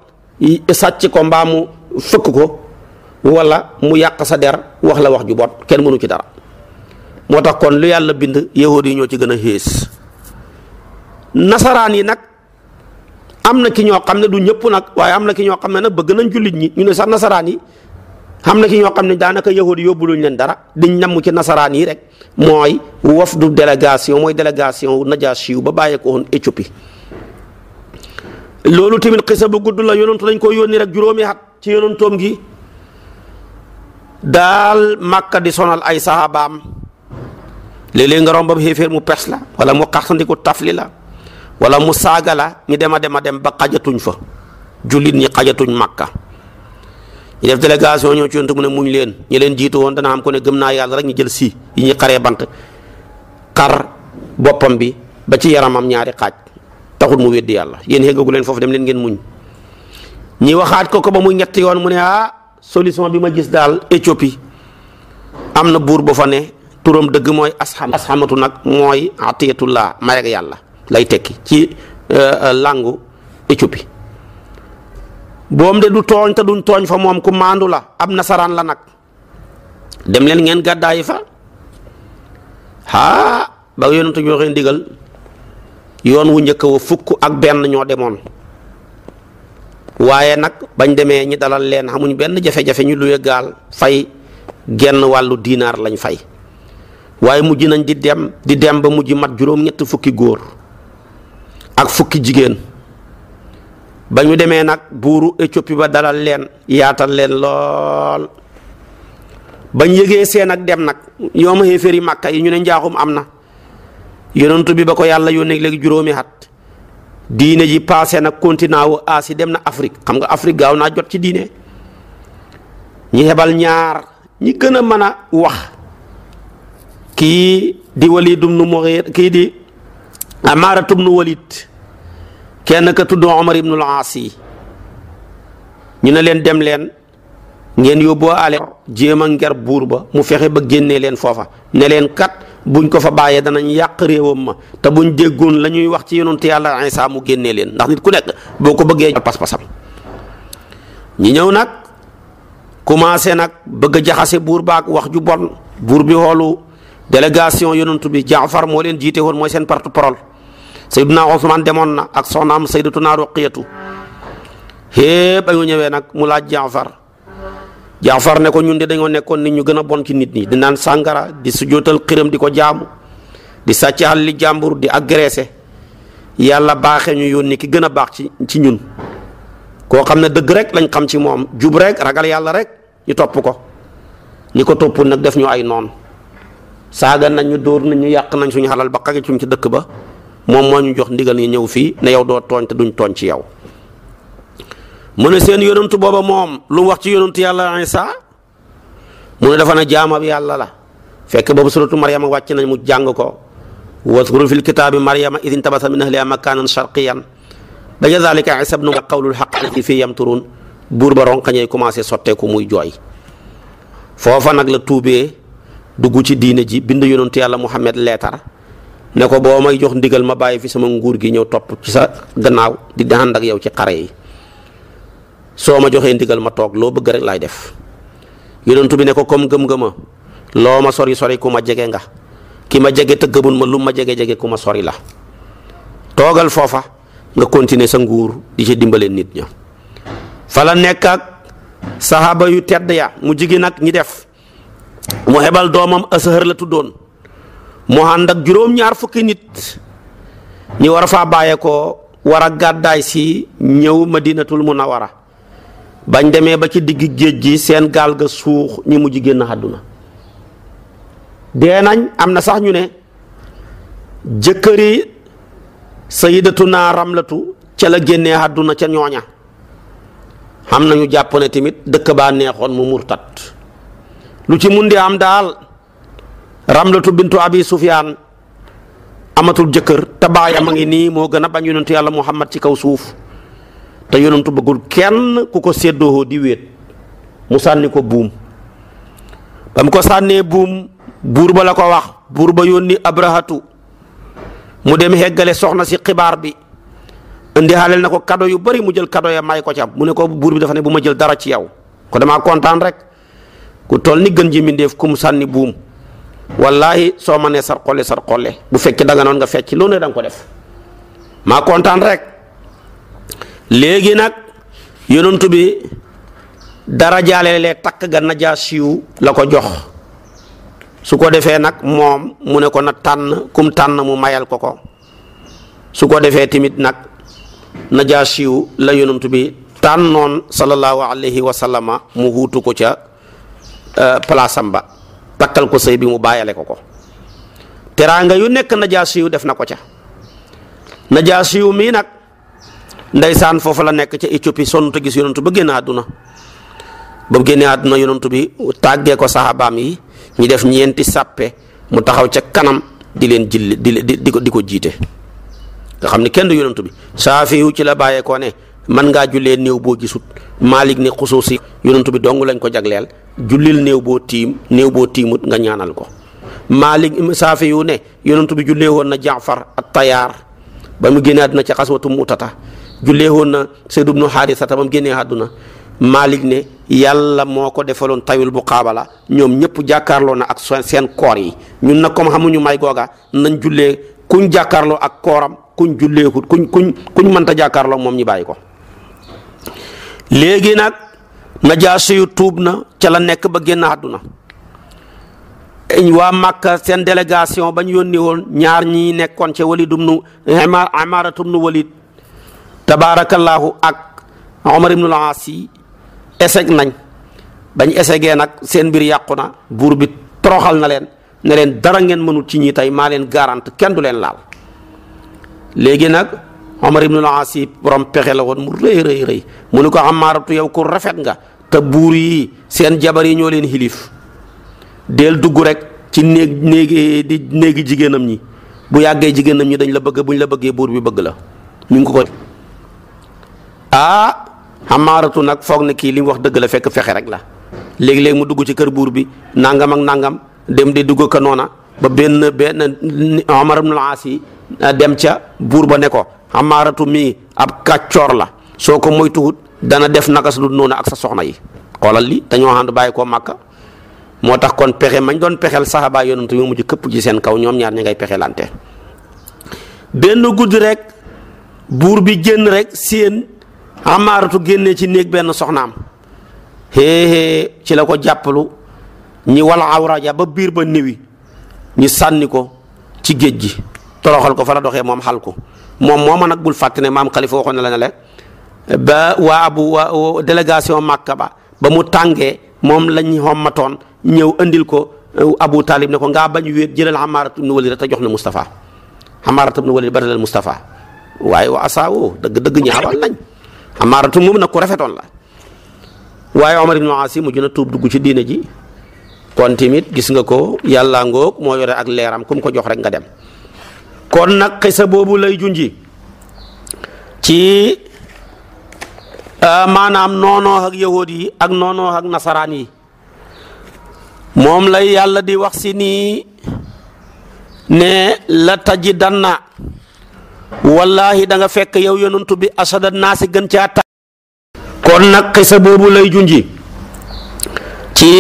sàcc ko mbaa mu fëkk ko wala mu yàq sa der wax la wax ju bon kenn mënu ci dara moo tax kon lu yàlla bind yahuud yi ñoo ci gën a xées nasaraan yi nag am na ki ñoo xam ne du ñëpp nag waaye am na ki ñoo xam ne nag bëgg nañ jullit ñi ñu ne sax nasaraan yi xam na ki ñoo xam ne daanaka yahuud yóbbuluñ leen dara diñ namm ci nasaraan yi rek mooy du délégation mooy délégation najaas ba bàyyeekoo woon Éthiopie loolu tamit xisa bu gudd la yonantu dañ ko yónni rek juróomi at ci yonantoom gi daal màkka di sonal ay sahabaam léeg-léeg nga rombam xéeféer mu pes la wala mu xaxtandiku tafli la wala mu saaga la ñu dem a dem a dem ba xajatuñ fa jullit ñi xajatuñ màkka ñu def délégation ñoo ci yontu mu ne muñ leen ñi leen jiitu woon dana am ko ne gëm naa yàlla rek ñu jël si yi ñuy xaree bant kar boppam bi ba ci yaramam ñaari xaaj taxul mu weddi yàlla yéen xéggagu leen foofu dem leen ngeen muñ ñi waxaat ko ko ba mu ñetti yoon mu ne ah solution bi ma gis daal Éthiopie am na buur ba fa ne turam dëgg mooy asxam asxamatu nag mooy atiyatullah may ak yàlla lay tekki ci euh, langu Éthiopie boom de du tooñ te duñ tooñ fa moom ku maandu la ab nasaraan la nag dem leen ngeen gàddaay fa aa ba yonentu joxe ndigal yoon wu njëkk wa fukk ak benn ñoo demoon waaye nag bañ demee ñi dalal leen amuñ benn jafe-jafe ñu luye gaal fay genn wàllu diinaar lañ fay waaye mujj nañ di dem di dem ba mujj mat juróom-ñett fukki góor ak fukki jigéen ba ñu demee nag buuru Éthiopie ba dalal leen yaatal leen lool bañ yëgee seen ak dem nag yooma xéeféeri màkka yi ñu ne njaaxum am na yonentu bi ba ko yàlla yónnee léegi juróomi at diine ji passé na continant asi dem na Afrique xam nga Afrique gaaw naa jot ci diine ñi hebal ñaar ñi gën a mën a wax kii di Walid ibn Mughira kii di Amaara ibn Walid kenn ka tudd Omar ibn al-Aas yi ñu ne leen dem leen ngeen yóbboo ale jéem a nger buur ba mu fexe ba génne leen foofa ne leen kat buñ ko fa bàyyee danañ yàq réewam ma te buñ déggoon la ñuy wax ci yonent yàlla Isaa mu génnee leen ndax nit ku nekk boo ko bëggee pas-pasam ñi ñëw nag commencé nag bëgg a jaxase buur baak wax ju bon buur bi xoolu délégation yonent bi Jaafar moo leen jiite woon mooy seen porte-parole Sayyiduna Usmaan demoon na ak soxnaam Sayyidatuna Ruqiyatu xépp ay ñëwee nag mu laaj Jaafar jaafar ne ko ñun de dañoo nekkoon nit ñu gën a bon ci nit ñi dinaan naan sàngara di sujootal xiram di ko jaamu di sàcc li jàmbur di agressé yàlla baaxeñu yoon ni ki gën a baax ci ci ñun koo xam ne dëgg rek lañ xam ci moom jub rek ragal yàlla rek ñu topp ko ñu ko topp nag def ñu ay noon saaga nañ ñu dóor nañ ñu yàq nañ suñu xalal ba xagi suñ ci dëkk ba moom moo ñu jox ndigal ñu ñëw fii ne yow doo tooñ te duñ tooñ ci yow mu ne seen yonantu booba moom lu wax ci yonantu yàlla Isa mu ne dafa na jaamab yàlla la fekk boobu suratu Maryama wàcc nañ mu jàng ko waskur fil kitaabi Maryama idin tabasa min ahliha makanan sharqiyan ba jazalika Isa bnu qawlul haqq fi fii yamturun buur ba ronqañee commencé sotteeku muy jooy foofa nag la tuubee dugg ci diine ji bind yonantu yàlla Muhammad leetar ne ko boo may jox ndigal ma bàyyi fi sama nguur gi ñëw topp ci sa gannaaw di ànd ak yow ci xare yi soo ma joxee ndigal ma toog loo bëgg rek lay def yonentu bi ne ko comme gëm-gëma loo ma sori sori ku ma jege nga ki ma jege tëgg tëggabun ma lu ma jege jege ku ma sori la toogal foofa nga continuer sa nguur di ci dimbale nit ña fa la nekk saxaaba yu tedd ya mu jigi nag ñi def mu hebal doomam asahar la tuddoon mu ànd ak juróom-ñaar fukki nit ñi war a fa bàyyee ko war a gàddaay si ñëw ma dinatul mun madinatul munawara bañ demee ba ci digg géej gi seen gaal ga suux ñi mujj génn àdduna dee nañ am na sax ñu ne jëkkëri sayyidatuna Ramlatu ca la génnee àdduna ca ñooña am na ñu jàpp ne tamit dëkk baa neexoon mu murtat lu ci mun di am daal Ramlatu bintu Abi Sufyaan amatul jëkkër te baayam a ngi nii moo gën a bañ yonentu yàlla Muhammad ci kaw suuf te yoonutu bëggul kenn ku ko séddoo di wéet mu sànni ko buum ba mu ko sànnee buum buur ba la ko wax buur ba yónni abrahatu mu dem heggale soxna si xibaar bi indi xaaleel na ko kado yu bari mu jël kado ya may ko ca mu ne ko buur bi dafa ne bu ma jël dara ci yow ko damaa kontaan rek ku toll ni gën ji mindeef ku mu sànni buum wallahi soo ma nee sar xolle sar xolle bu fekkee danga noon nga fecc loo ne danga ko def ma kontaan rek léegi nag yonent bi dara jaale lee takk ga najaasiyu la ko jox su ko defee nag moom mu ne ko na tànn kum tànn mu mayal ko ko su ko defee tamit nag najaasiyu la yonent bi tànnoon sallallahu alayhi wa sallama mu huutu ko ca euh, palaasam ba takkal ko sëy bi mu bàyyale ko ko teraanga yu nekk najaasiyu def na ko ca najaasiyu mii nag ndeysaan foofu la nekk ca Éthiopie sonn te gis yonantu ba génn ba génne àdduna yonantu bi tàggee ko saxaabaam yi ñu def ñeenti sàppe mu taxaw ca kanam di leen jilli di di ko di ko jiite nga xam ne kenn du yonantu bi saafiyu ci la bàyyeekoo ne man ngaa jullee néew boo gisut maalik ne xusuusi yonantu bi dong lañ ko jagleel jullil néew boo tiim néew boo tiimut nga ñaanal ko maalik saafiyu ne yonantu bi jullee woon na jaafar at tayaar ba mu génnee àdduna ca xaswatu mutata jullee woon na Sayd ibnu Xaarisata génne mu génnee àdduna Malik ne yàlla moo ko defaloon tayul bu xaabala ñoom ñëpp jàkkaarloo na ak seen koor yi ñun nag comme xamuñu may googa nañ jullee kuñ jàkkaarloo ak kooram kuñ julleekut kuñ kuñ kuñ mënta jàkkaarloo moom ñi bàyyi ko léegi nag najaasi yu tuub na ca la nekk ba génn àdduna waa Makka seen délégation ba ñu yónni woon ñaar ñi nekkoon ca Walid ibnu Amaaratu ibnu Walid tabaarakallaahu ak Omar ibnul Aas yi eseg nañ bañ esegee nag seen mbir yàqu na buur bi toroxal na leen ne leen dara ngeen mënul ci ñi tey maa leen garante kenn du leen laal léegi nag Omar ibnul Aas yi borom pexe la woon mu rëy rëy rëy mu ne ko Ammaaratu yow ku rafet nga te buur yi seen jabar yi ñoo leen xilif del dugg rek ci néeg néegi di néegi jigéenam ñi bu yàggee jigéenam ñi dañ la bëgg ñu la bëggee buur bi bëgg la ñu ngi ko ko ah xamaaratu nag foog na kii li wax dëgg la fekk fexe rek la léegi-léegi mu dugg ci kër buur bi nangam ak nangam dem di dugg ka noona ba benn benn Omar ibn al-Aas ah, dem ca buur ba ne ko xamaaratu mii ab kàccoor la soo ko moytuwut dana def naka su noonu ak sa soxna yi xoolal li dañoo ànd bàyyi koo màkka moo tax kon pexe mañ doon pexeel saxaaba yonent yu mujj këpp ci seen kaw ñoom ñaar ñi ngay pexelante benn guddi rek buur bi génn rek seen amaaratu génnee ci néeg benn soxnaam xéexée ci la ko jàppalu ñi wal awra ja ba biir ba niwi ñi sànni ko ci géej gi toroxal ko fa la doxee moom xal ko moom mooma nag bul fàtte ne maam xalifa waxoon na la ne ba waa abu waa délégation Màkka ba ba mu tàngee moom lañ xommatoon ñëw andil ko euh, abu taalib ne ko nga bañ wéet jëlal xamaaratu ibnu walid te jox na Moustapha xamaaratu ibnu walid barilal Moustapha waaye wa asaawoo dëgg dëgg ñaawal nañ amaaratu moom na ku rafetoon la waaye Omar ibnu Aas tuub dugg ci diine ji kon tamit gis nga ko yàlla ngoog moo yore ak leeram ku ko jox rek nga dem kon nag xisa boobu lay junji ci ah, maanaam noonoo ak yi ak noonoo nasaraan yi moom lay yàlla di wax si nii ne la tajidanna wallaahi da nga fekk yow yonantu bi asada naa si gën caa ta kon nag xisa boobu lay junji ci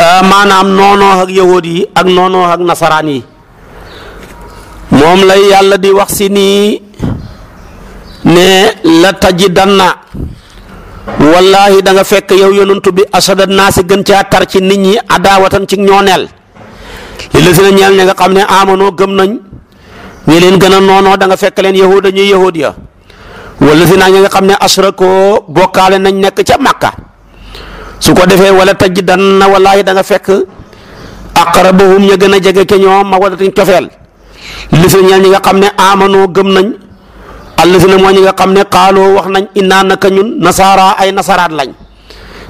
ah, maanaam noonoo ak yahood yi ak noonoo ak nasaraan yi moom lay yàlla di wax si nii ne la tajidanna wallaahi da nga fekk yow yonantu bi asada naa si gën caa tar ci nit ñi adaawatan ci ñooneel li la si ñeel ña nga xam ne amanoo gëm nañ ñi leen gën a noonoo da fekk leen yahuda ñuy yahud ya wala si naa ñi nga xam ne asrakoo bokkaale nañ nekk ca Makka su ko defee wala taj dan na wallaahi da nga fekk aqrabahum ña gën a jege ke ñoom ma wadatañ cofeel li ñi nga xam ne amanoo gëm nañ allasina moo ñi nga xam ne xaaloo wax nañ innaa naka ñun nasaara ay nasaraat lañ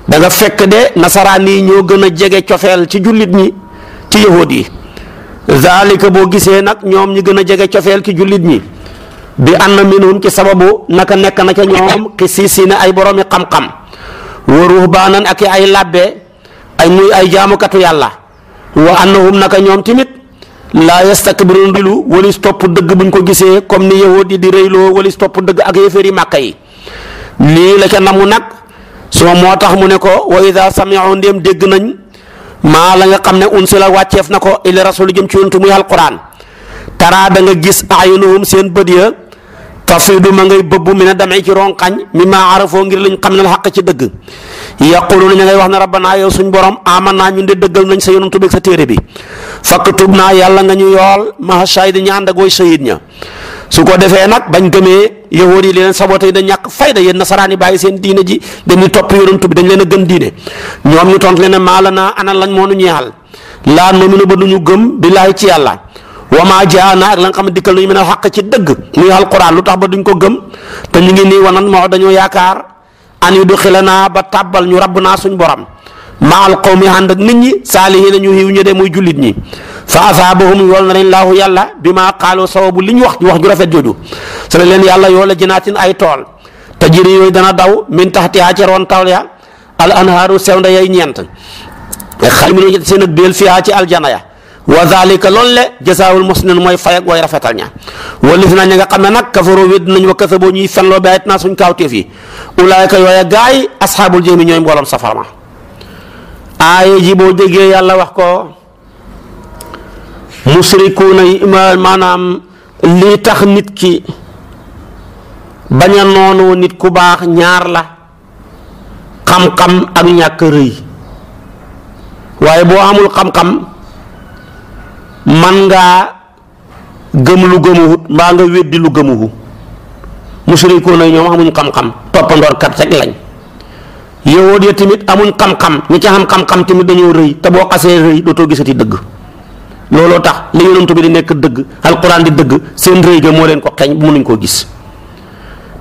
danga fekk de nasaraan yi ñoo gën a jege cofeel ci jullit ñi ci yahud yi zaalika boo gisee nag ñoom ñi gën a jege cofeel ci jullit ñi bi ànd minhum ci sababu naka nekk na ca ñoom xisiisiina ay boroomi xam-xam wa ruhbaanan ak ay làbbe ay muy ay jaamukatu yàlla wa annahum naka ñoom tamit laa yastakbiruun dilu walis topp dëgg buñ ko gisee comme ni yahuud yi di rëyloo walis topp dëgg ak yéeféeri màkka yi lii la ca namu nag suma moo tax mu ne ko wa ida samiu ndéem dégg nañ maa la nga xam ne unsila wàcceef na ko ila rasul jëm ci yontu muy alquran taraa da nga gis ayunuhum seen bët ya tafidu ma ngay bëbbu mi ne damay ci ronqañ mi maa arafoo ngir lañ xam ne la xàq ci dëgg yaquluna ña ngay wax ne rabbana yow suñ borom aman naa ñun de dëggal nañ sa yonantu beeg sa téere bi faktub naa yàlla nga ñu yool maha shahid ña ànd ak way ña su ko defee nag bañ gëmee yahood yi leen saboté yi dañ ñàkk fayda yéen nasaraan yi bàyyi seen diine ji dañuy topp yonent bi dañ leen a gën diine ñoom ñu tont leen maa la naa ana lañ moo nu ñeexal laa nominu ba duñu gëm billaahi ci yàlla wa maa jaana ak la xam ne dikkal nañu mën a xàq ci dëgg muy alquran lu tax ba duñ ko gëm te ñu ngi nii wanan moo dañoo yaakaar an yu du xila naa ba tàbbal ñu rabb naa suñ boram maal qawmi ànd ak nit ñi saalihiina ñu xiw ñu de mooy jullit ñi fa asaabahum yool na leen yàlla bi maa xaaloo sababu li ñu wax wax ju rafet jooju su ne leen yàlla yoo la jinaatin ay tool tajiri yooyu dana daw min taxtihaa ca roon tawl ya al anhaaru sew nda yay ñeent xalmin seen ak déel fiha ci aljana ya wa zalika loolu le jasaawul musnin mooy fay ak way rafetal ña walif naa ña nga xam ne nag kafaroo wédd nañ wa kasaboo ñuy fenloo bi ayat naa suñ kaawteef yi ulaayka yooya gaay asxaabul jahim ñooy mbooloom safara aaya ji boo déggee yàlla wax ko musrikuuna yi maanaam lii tax nit ki bañ a noonu nit ku baax ñaar la xam-xam ak ñàkk rëy waaye boo amul xam-xam man ngaa gëm lu gëmuwut mbaa nga weddi lu gëmuwu musrikuuna yi ñoom amuñ xam-xam toppandoor kat lañ yahood ya tamit amuñ xam-xam ñi ca xam xam-xam tamit dañoo rëy te boo xasee rëy dootoo gisati dëgg looloo tax li yonent bi di nekk dëgg alquran di dëgg seen rëy ga moo leen ko xeeñ ñu ko gis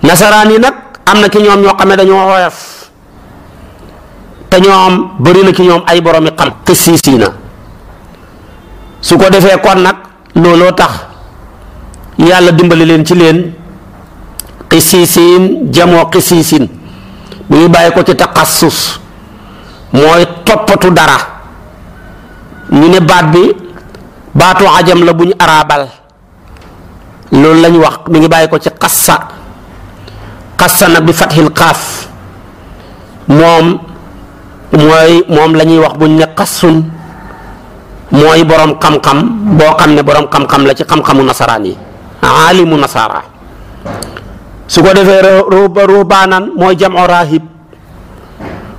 nasaraan yi nag am na ki ñoom ñoo xam ne dañoo woyof te ñoom bëri na ci ñoom ay boromi xam xisiisii na su ko defee kon nag looloo tax yàlla dimbali leen ci leen xisiisiin jamoo xisiisin bu ñuy bàyyi ko ci taqassus mooy toppatu dara ñu ne baat bi baatu ajam la bu ñu araabal loolu lañ wax mi ngi bàyyi ko ci xassa xassa nag bi fathil xaaf moom mooy moom la ñuy wax bu ñu ne xassun mooy boroom xam-xam boo xam ne boroom xam-xam la ci xam-xamu nasaraan yi aalimu nasara su ko defee ba ruhbaanan mooy jamoo rahib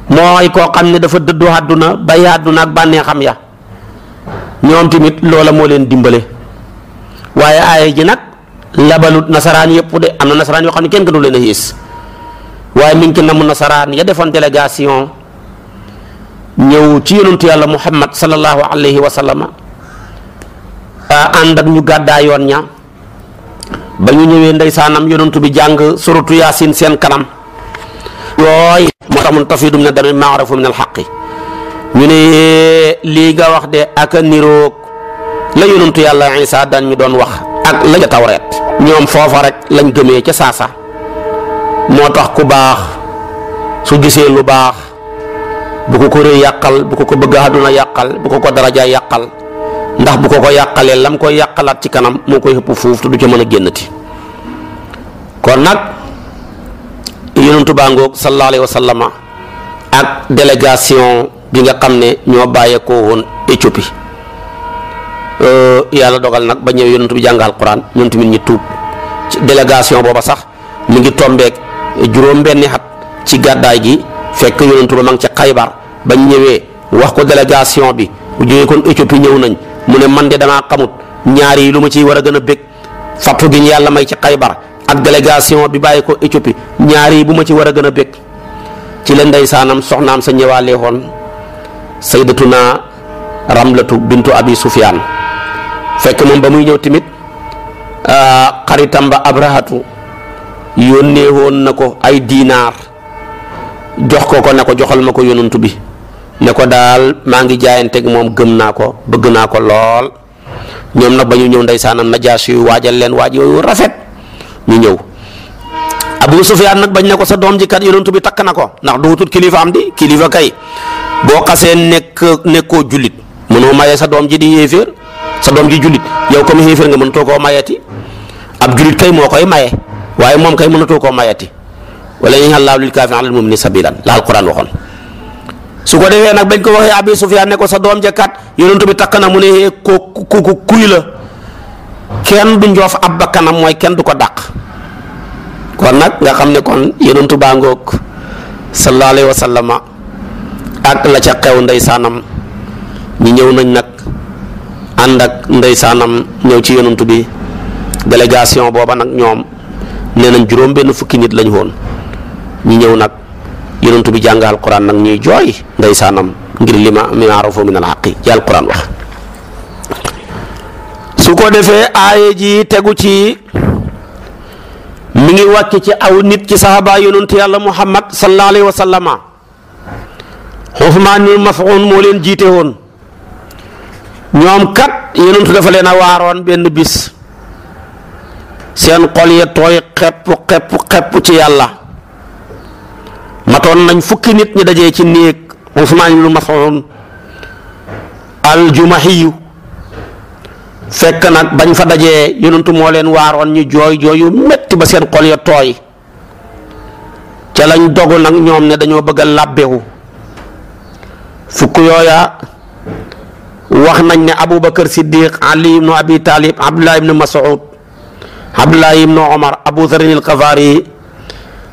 mooy koo xam ne dafa dëddu àdduna bàyyi àdduna ak bànnee ya ñoom tamit loola moo leen dimbale waaye aaya ji nag labalut nasaraan yëpp de am na nasaraan yoo xam ne kenn gënu leen a yées waaye mi na ci nasaraan ya defoon délégation ñëw ci yonentu yàlla muhammad sallallahu alayhi wa sallam ànd ak ñu gàddaayoon ña ba ñu ñëwee ndeysaanam yonantu bi jàng suratu yaasin seen kanam yooy moo tax mun tafiidu min ad-dami maa arafu min al-xaqi ñu ne lii nga wax de ak a niroog la yonantu yàlla Isaa daan ñu doon wax ak la ca tawreet ñoom foofa rek lañ gëme ca saasa moo tax ku baax su gisee lu baax bu ko ko rëy yàqal bu ko ko bëgg àdduna yàqal bu ko ko daraja yàqal ndax bu ko ko yàqalee lam koy yàqalaat ci kanam moo koy xëpp fuuf te du ca mën a génnati kon nag yonentu baa ngoog sallallahu alayhi wa sallama ak délégation bi nga xam ne ñoo bàyyeekoo woon Éthiopie euh, yàlla dogal nag ba ñëw yonentu bi jàngal Quran ñoom tamit ñu tuub ci booba sax mu ngi tombeek juróom-benni at ci gàddaay gi fekk yonentu ba ma ngi ca Xaybar bañ ñëwee wax ko délégation bi bu jógee kon Éthiopie ñëw nañ. mu ne man de damaa xamut ñaar lu ma ciy war a gën a bég fattu gi yàlla may ci xaybar ak délégation bi bàyyi ko Éthiopie ñaar bu ma ci war a gën a bég ci la ndeysaanam soxnaam sa ñëwaale woon saydatuna ramlatu bintu abi sufyaan fekk moom ba muy ñëw tamit ah, xaritam ba abrahatu yónnee woon na ko ay diinaar jox ko ko ne ko joxal ma ko yonantu bi ne ko daal maa ngi jaayanteeg moom gëm naa ko bëgg naa ko lool ñoom nag ba ñu ñëw ndeysaanam najaas yu waajal leen waaj yooyu rafet ñu ñëw Abu Sufyaan nag bañ ne ko sa doom ji kat yonent bi takk na ko ndax duutut kilifa am di boo xasee nekk nekkoo jullit mënoo maye sa doom ji di sa doom ji jullit yow comme yéeféer nga mënatoo koo mayati ab jullit kay moo koy maye waaye moom kay mënatoo koo mayati wala yaj'al Allaahu lil kaafiriina alal mu'miniina sabiilan la Alquraan waxoon. su ko defee nag bañ ko waxee abi sufyaan ne ko sa doom ja kat yonent bi takk na mu ne eh, ko ku kuy la kenn du njoof ab bakkanam mooy kenn du ko dàq kon nag nga xam ne kon yonent baa ngoog sallallahu alayhi wa sallama ak la ca xew ndeysaanam ñu ñëw nañ nag ànd ak ndeysaanam ñëw ci yonent bi délégation booba nag ñoom ne nañ juróom benn fukki nit lañ woon ñu ñëw nag yonent bi jàng alquran nag ñuy jooy ndeysaanam ngir li ma mi arafu min al xaqi ci alquran wax su ko defee aaye ji tegu ci mu ngi wàcc ci aw nit ci saxaaba yonent yàlla muhammad sallallahu alayhi wa sallama Usmaan ibn moo leen jiite woon ñoom kat yonent dafa leen a waaroon benn bis seen xol ya tooy xepp xepp xepp ci yàlla matoon nañ fukki nit ñi dajee ci néeg Usmaan ibnu Mas'uud aljumahiyu fekk nag bañ fa dajee yonentu moo leen waaroon ñu jooy jooyu metti ba seen xol ya tooy ca lañ dogu nag ñoom ne dañoo bëgg a làbbewu fukk yooya wax nañ ne aboubacar siddiq ali ibnu abi talib abdullah ibnu mas'ud abdullah omar abou zarin al xafaari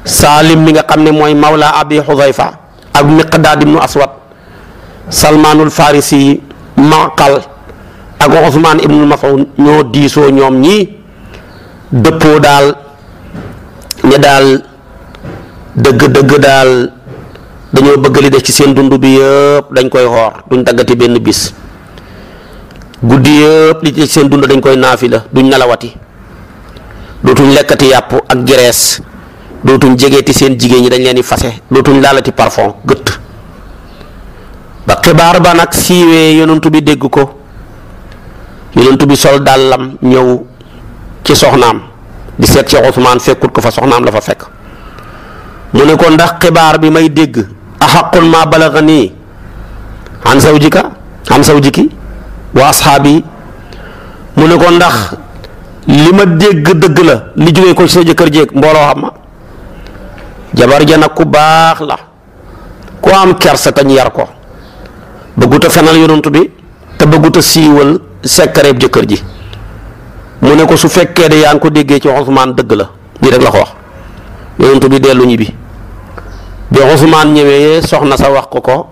saalim mi nga xam ne mooy mawla abi xudayfa ak miqdaad ibnu aswad salmaanul farisi maqal ak usmaan ibnu mas'ud ñoo diisoo ñoom ñi dëppoo daal ne daal dëgg-dëgg daal dañoo bëgg li def ci seen dund bi yëpp dañ koy xoor duñ daggati benn bis guddi yëpp li ci seen dund dañ koy naafila duñ nelawati dootuñ lekkati yàpp ak gerees dootuñ ti seen jigéen ñi dañ leen di fase dootuñ laalati parfum gëtt ba xibaar ba nag siiwee yonantu bi dégg ko yonantu bi sol dàllam ñëw ci soxnaam di seet Cheikh Ousmane fekkut ko fa soxnaam la fa fekk mu ne ko ndax xibaar bi may dégg axaqun ma balagani an sawjika an sawjiki wa ashaabi mu ne ko ndax li ma dégg dëgg la li jógee ko ci sa jëkkër jéeg mbooloo xam ma jabar ja nag ku baax la koo am kersa tañ yar ko bëggut a fenal yonent bi te bëggut a siiwal sekkareeb jëkkër ji mu ne ko su fekkee de yaa ngi ko déggee ci Usmaan dëgg la lii rek la ko wax yonent bi dellu ñibbi bi Usmaan ñëwee soxna sa wax ko ko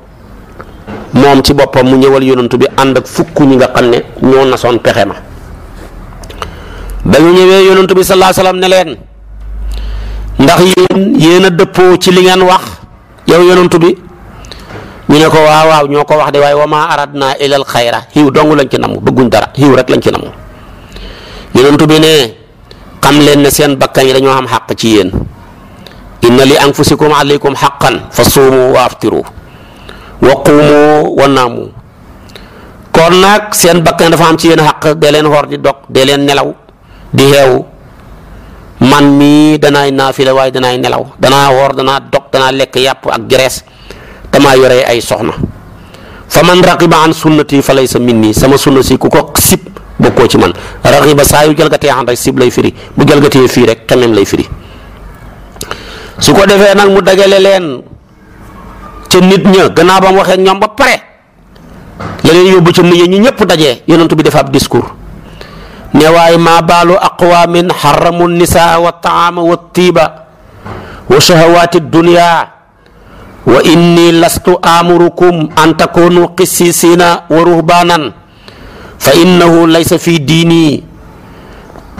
moom ci boppam mu ñëwal yonent bi ànd ak fukk ñi nga xam ne ñoo nasoon pexe na dañu ñëwee yonent bi sallallahu alayhi wasallam ne leen ndax yéen yéen a dëppoo ci li ngeen wax yow yonantu bi ñu ne ko waaw waaw ñoo ko wax de waaye wa maa aradna ilal xayra xiw dong lañ ci namu bëgguñ dara xiw rek lañ ci namu yonantu ne xam leen ne seen bakkan yi dañoo am xàq ci yéen inna li anfusikum alaykum xaqan fa suumu wa aftiru wa quumu wa naamu kon nag seen bakkan dafa am ci yéen xàq de leen xor di dog de leen nelaw di xeewu man mii danaay naafila waaye danaay nelaw danaa woor danaa dog danaa lekk yàpp ak graisse damaa yore ay soxna fa man raqiba an sunnati fa laysa nii sama sunna si ku ko sib bokkoo ci man raqiba saa yu jalgatee xan rek sib lay firi bu jalgatee fii rek xemem lay firi su ko defee nag mu dajale leen ca nit ña gannaaw ba mu waxee ñoom ba pare la leen yóbbu ca nit ñi ñëpp dajee yonent bi def ab discours ne waaye maa baalu aqwaamin xaramu wa taama wa tiiba wa shahawaati dunya wa inni lastu an takunu qissisiina wa ruhbaanan fa innahu fi diini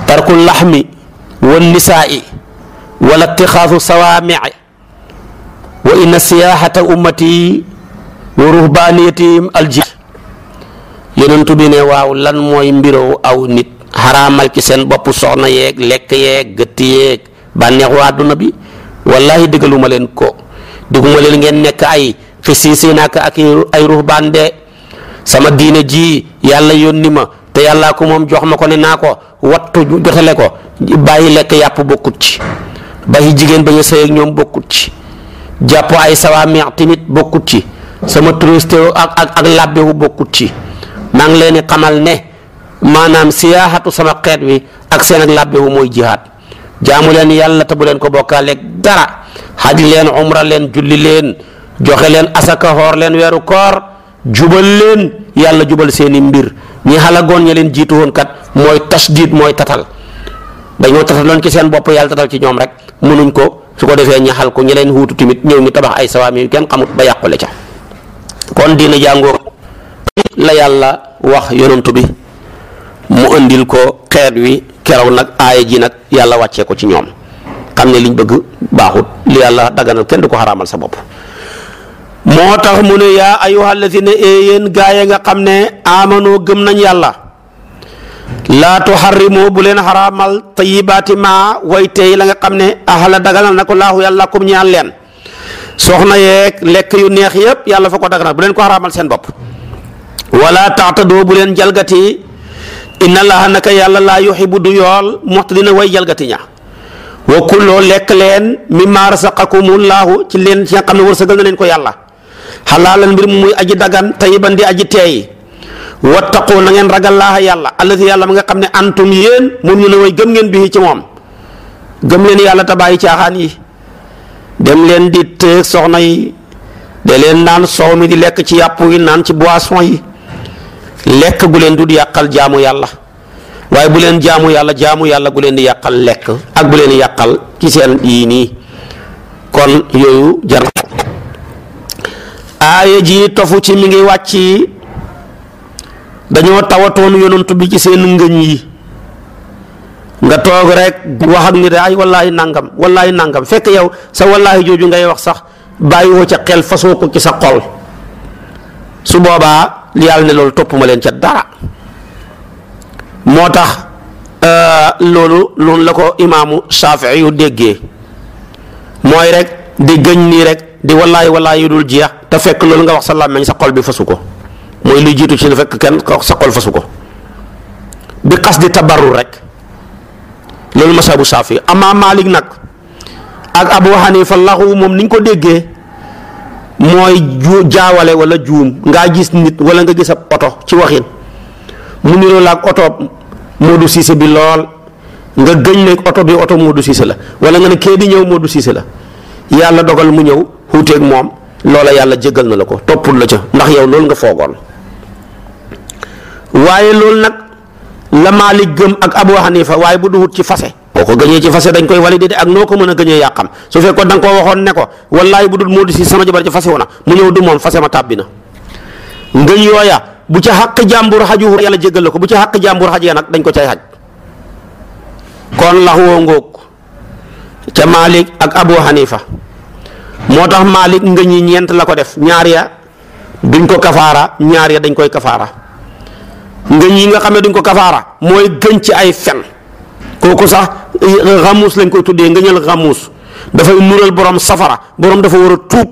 tarku laxmi wa nisaai wala itixaasu sawaamici wa inna siyaaxata wa ruhbaaniyatihim alji mbirow xaraamal ci seen bopp soxna yéeg lekk yeeg gëtt bànneex bànneexu àdduna bi wallahi digaluma leen ko diguma leen ngeen nekk ay xisiisi naaka ak ay ruhbaan de sama diine ji yàlla yónni ma te yàllaa ko moom jox ma ko ne naa ko wattu jotale ko bàyyi lekk yàpp bokkut ci bàyyi jigéen ba ñu sëy ak ñoom bokkut ci jàpp ay sawaameex tamit bokkut ci sama touriste ak ak ak làbbewu bokkut ci maa ngi leen xamal ne maanaam siyaaxatu sama xeet wi ak seen ak làbbe wu mooy jihaad jaamu leen yàlla te bu leen ko bokkaaleeg dara xaj leen umra leen julli leen joxe leen asaka xoor leen weeru koor jubal leen yàlla jubal seeni mbir ñi xalagoon ña leen jiitu woon kat mooy tasdiid mooy tatal dañoo tataloon ci seen bopp yàlla tatal ci ñoom rek mënuñ ko su ko defee xal ko ñi leen wuutu timit ñëw ñu tabax ay sawaam yu kenn xamut ba yàqule ca kon diina jàngoo la yàlla wax yonantu mu andil ko xeet wi keroog nag aaya ji nag yàlla wàccee ko ci ñoom xam ne liñ bëgg baaxut li yàlla daganal kenn du ko xaraamal sa bopp moo tax mu ne yaa ayyuhal lazina yéen gaay nga xam ne amanoo gëm nañ yàlla laa tuharrimu bu leen xaraamal tayyibaati maa way tey la nga xam ne ahla daganal na ko laahu yàlla kum ñaan leen soxna yeeg lekk yu neex yëpp yàlla fa ko daganal bu leen ko xaraamal seen bopp wala taatadoo bu leen jalgati inna allaha naka yàlla laa yuxibu du yool muxtadina way jalgati ña wa kulloo lekk leen mimma rasaqakumullaahu ci leen ci nga xam ne wërsëgal na leen ko yàlla xalaalan mbir mu muy aji dagan tayiban di aji teey wattaqoo na ngeen ragal laaha yàlla allati yàlla ma nga xam ne antum yéen moom ñu ne way gëm ngeen bii ci moom gëm leen yàlla te bàyyi caaxaan yi dem leen di tëeg soxna yi de leen naan soow mi di lekk ci yàpp yi naan ci boisson yi lekk gu leen du yàqal jaamu yàlla waaye bu leen jaamu yàlla jaamu yàlla gu leen di yàqal lekk ak bu leen yàqal ci seen yii nii kon yooyu jar aaya ji tofu ci mi ngi wàcc dañoo tawatoon yonantu bi ci seen ngëñ yi nga toog rek wax ak nit ay wallaahi nangam wallaahi nangam fekk yow sa wallaahi jooju ngay wax sax bàyyiwoo ca xel fasoo ko ci sa xol su boobaa yàlla ne loolu topp ma leen ca dara moo tax euh, loolu loolu la ko imaamu Shaafi'i yu déggee mooy rek di gëñ nii rek di wallaay wallaay yu dul jeex te fekk loolu nga wax sa làmmeñ sa xol bi fasu ko mooy luy jiitu ci ne fekk kenn sa xol fasu ko bi xas di tabarru rek loolu masabu Shaafi'i amaa Maalik nag ak Abu Hanifa laxu moom niñ ko déggee. mooy ju jaawale wala juum ngaa gis nit wala nga gis ab oto ci waxin mu niroo la ak oto Modou Cissé bi lool nga gëñ ne oto bi oto Modou Cissé la wala nga ne kee di ñëw Modou Cissé la yàlla dogal mu ñëw xuuteeg moom loola yàlla jéggal na la ko toppul la ca ndax yow loolu nga foogoon waaye loolu nag la Maalik gëm ak Abu Hanifa waaye bu duhut ci fase boo ko gëñee ci fase dañ koy validé ak noo ko mën a gëñee yàqam su fekkoon da nga koo waxoon ne ko wallaay bu dul moo di si sama jabar ci fase wu na mu ñëw du moom fase ma tàbbi na ngëñ yooya bu ca xàq jàmbur xaju yàlla jégal ko bu ca xàq jàmbur xajee nag dañ ko cay xaj kon lax woo ngóog ca Maalik ak Abu Hanifa moo tax Maalik ngëñ yi ñeent la ko def ñaar ya duñ ko kafaara ñaar ya dañ koy kafaara ngëñ yi nga xam ne duñ ko kafaara mooy gën ci ay fen kooku sax xamuus eh, lañ koy tuddee ngëñal xamuus dafay nural borom safara borom dafa war a tuub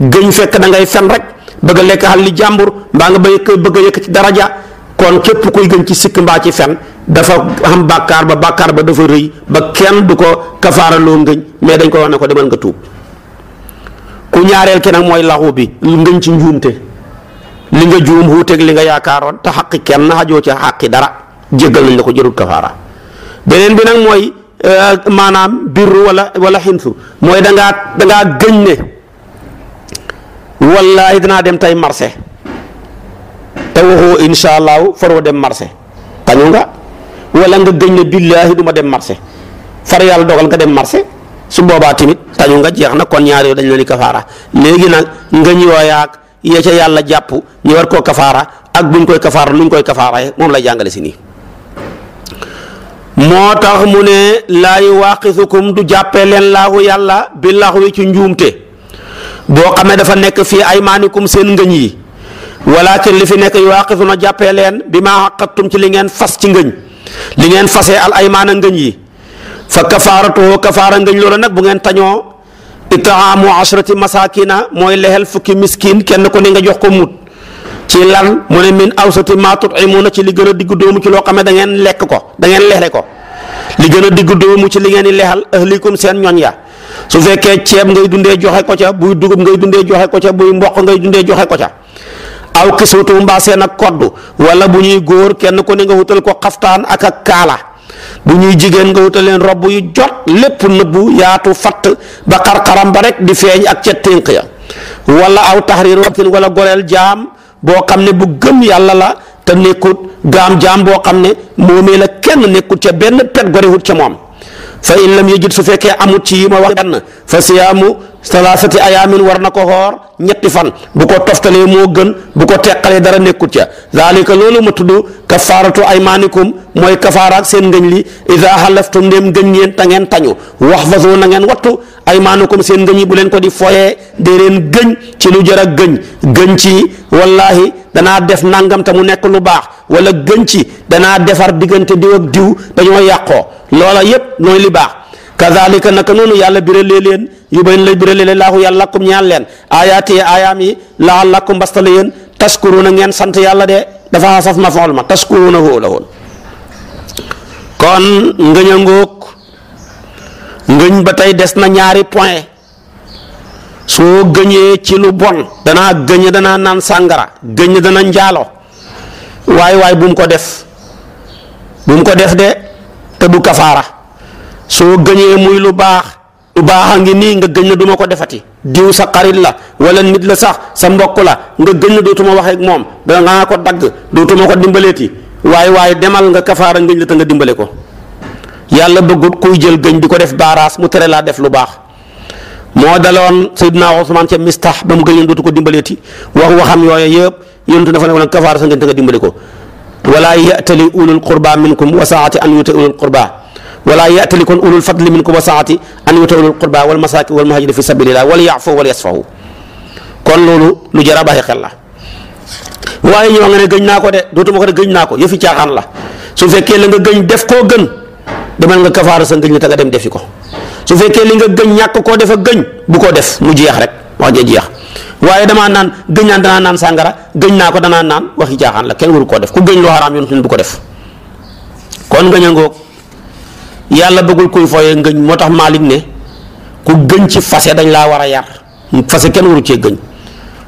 gëñ fekk da ngay fen rek bëgg a lekk xal li jàmbur mbaa nga bëgg bëgg a yëkk ci daraja kon képp kuy gën ci sikk mbaa ci fen dafa xam bàkkaar ba bàkkaar ba dafa rëy ba kenn du ko kafaara loo ngëñ mais dañ ko wax ne ko demal nga tuub ku ñaareel ki mooy laxu bi ngëñ ci njuumte li nga juum xuuteeg li nga yaakaaroon te xaqi kenn xajoo ci xaqi dara jéggal nañ la ko jërut kafaara beneen bi nag mooy euh, maanaam birru walla wala xinsu mooy da ngaa da ngaa gëñ ne wallaahi dinaa dem tey marché te waxoo incha allahu faroo marché tañu nga wala nga gëñ ne billaahi dem marché far yàlla dogal nga dem marché su boobaa tamit tañu nga jeex na kon ñaar dañ la ni kafaara léegi nag nga ñëwaat ya ca yàlla jàpp ñu war koo kafaara ak buñ koy kafaara luñ koy kafaaraye moom lay jàngale si nii moo tax mu ne laa yuwaaqisukum du jàppee leen laahu yàlla bi laxwi ci njuumte boo xamee dafa nekk fii ay aymaanikum seen ngëñ yi walakin li fi nekk yuwaaqisu na jàppee leen bi maa xaqattum ci li ngeen fas ci ngëñ li ngeen fasee al aymaana ngëñ yi fa kafaaratuhu kafaara ngëñ loola nag bu ngeen tañoo itaamu ashrati masakina mooy lexel fukki miskin kenn ko ne nga jox ko mut ci lan mu ne min awsati ma tut'imuna ci li gën diggu dóomu ci loo xam ne da ngeen lekk ko da ngeen lexle ko li gën a diggu dóomu ci li ngeen di lexal ahlikum seen ñoñ ya su fekkee ceeb ngay dundee joxe ko ca buy dugub ngay dundee joxe ko ca buy mboq ngay dundee joxe ko ca aw kiswatu mbaa seen ak koddu wala bu ñuy góor kenn ko ne nga wutal ko xaftaan ak ak kaala bu ñuy jigéen nga wutal leen robb yu jot lépp nëbbu yaatu fatt ba xarxaram ba rekk di feeñ ak ca ténq ya wala aw tahriir wala goreel jaam boo xam ne bu gëm yàlla la te nekkut gaam jaam boo xam ne moomee la kenn nekkut ca benn pet gorewut ca moom fa in lam su fekkee amut ci yi ma wax kenn fa siyaamu salaasati ayaamin war na ko xoor ñetti fan bu ko toftalee moo gën bu ko teqalee dara nekkut ca zaalika loolu ma tudd kafaaratu aymaanikum mooy kafaaraak seen ngëñ li idaa xalaftum ndéem ngëñ ngeen ta ngeen tañu wax fasoo na ngeen wattu aymaanakum seen ngëñ yi bu leen ko di foyee dee leen gëñ ci lu jar a gëñ gëñ ci wallahi danaa def nangam mu nekk lu baax wala gëñ ci danaa defar diggante diw ak diw dañoo yàqoo loola yépp mooy li baax kazaalika naka leen yu bañ lay birale la laahu yàlla lakkum ñaan leen aayaati aayaam yi laa lakkum basta la yéen taskuruuna ngeen sant yàlla de dafa xasaf ma fool ma taskuruuna hoo la woon kon ngëñ a ngëñ ba tey des na ñaari point soo gëñee ci lu bon danaa gëñ danaa naan sàngara gëñ dana njaalo waaye waaye bu ko def bu ko def de te du kafaara soo gëñee muy lu baax lu baax a ngi nii nga gëñ na du ko defati diw sa xarit la wala nit la sax sa mbokk la nga gëñ na dootuma waxee ak moom da ngaa ko dagg dootuma ko dimbaleeti waaye waaye demal nga kafaara la te nga dimbale ko yàlla bëggut kuy jël gëñ di ko def baaraas mu tere laa def lu baax moo daloon Seydina Usmaan ca Mistah ba mu gëñoon ko dimbaleeti wax waxam yooya yëpp yontu dafa nekkoon kafaara sa ngëñ te nga dimbale ko wala ya'tali ulul qurba minkum wa saati an yuta ulul qurba wala ya'tali kon ulul fadli minkum wa saati an yu'taw ulul qurba wal masaakin wal muhaajiriina fi sabiilillah wal ya'fu wal yasfahu kon loolu lu jar a bàyyi xel la waaye ñoo nga naa ko de dootuma ko naa ko yëfi caaxaan la su fekkee la nga gëñ def koo gën demal nga kafaara sa gëñ la ta nga dem defi ko su fekkee li nga gëñ ñàkk koo def ak bu ko def mu jeex rek wax jeex waaye damaa naan gëñ naan danaa naan sàngara gëñ naa ko danaa naan waxi caaxaan la kenn waru koo def ku gëñ lu xaraam bu ko def kon gëñ a yàlla bëggul kuy fooyee ngëñ moo tax Malick ne ku gëñ ci fase dañ laa war a yar fase kenn waru cee gëñ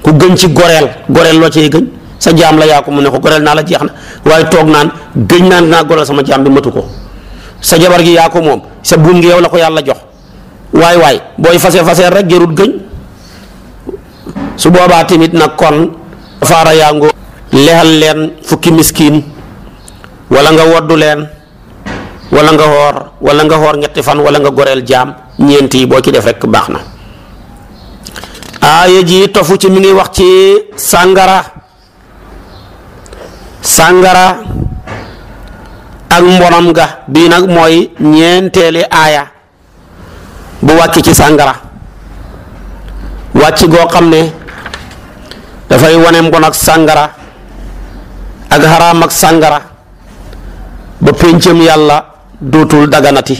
ku gëñ ci goreel goreel loo ci gëñ sa jaam la yaa ko mu ne ko goreel naa la jeex na waaye toog naan gëñ naan naa goreel sama jaam bi matu ko sa jabar gi yaa ko moom sa buum ngi yow la ko yàlla jox waaye waaye booy fase fase rek jërut gëñ su boobaa tamit nag kon faara yaa ngoo lexal leen fukki miskin wala nga woddu leen wala nga woor wala nga woor ñetti fan wala nga goreel jaam ñeent yi boo ci def rek baax na aaya ji tofu ci mu ngi wax ci sàngara sàngara ak mbonam ga bii nag mooy ñeenteeli aaya bu wàcc ci sàngara wàcc goo xam ne dafay wane mbon ak sàngara ak xaraam ak sàngara ba péncam yàlla dootul daganati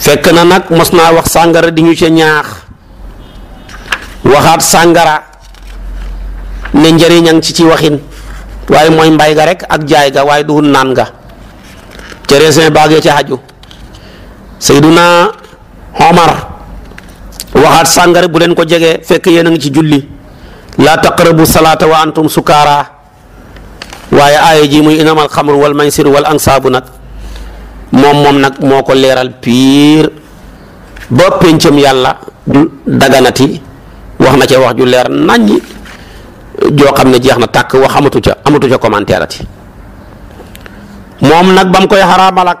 fekk na nag mos naa wax sàngara di ñu ca ñaax waxaat sàngara ne njëriñang ci ci waxin waaye mooy mbay ga rek ak jaay ga waaye duhun naan ga ca raisin baagee ca xaju Seyduna Omar waxaat sàngara bu leen ko jege fekk yéen a ngi ci julli laa taqrabu salaata wa antum sukaara waaye aaya ji muy inamal xamru wal maysir wal ansaabu nag moom moom nag moo ko leeral piir ba péncam yàlla du daganati wax na ca wax ju leer naññi joo xam ne jeex na tàkk wax amatu ca amatu ca commentaire ati moom nag ba mu koy xaraamal ak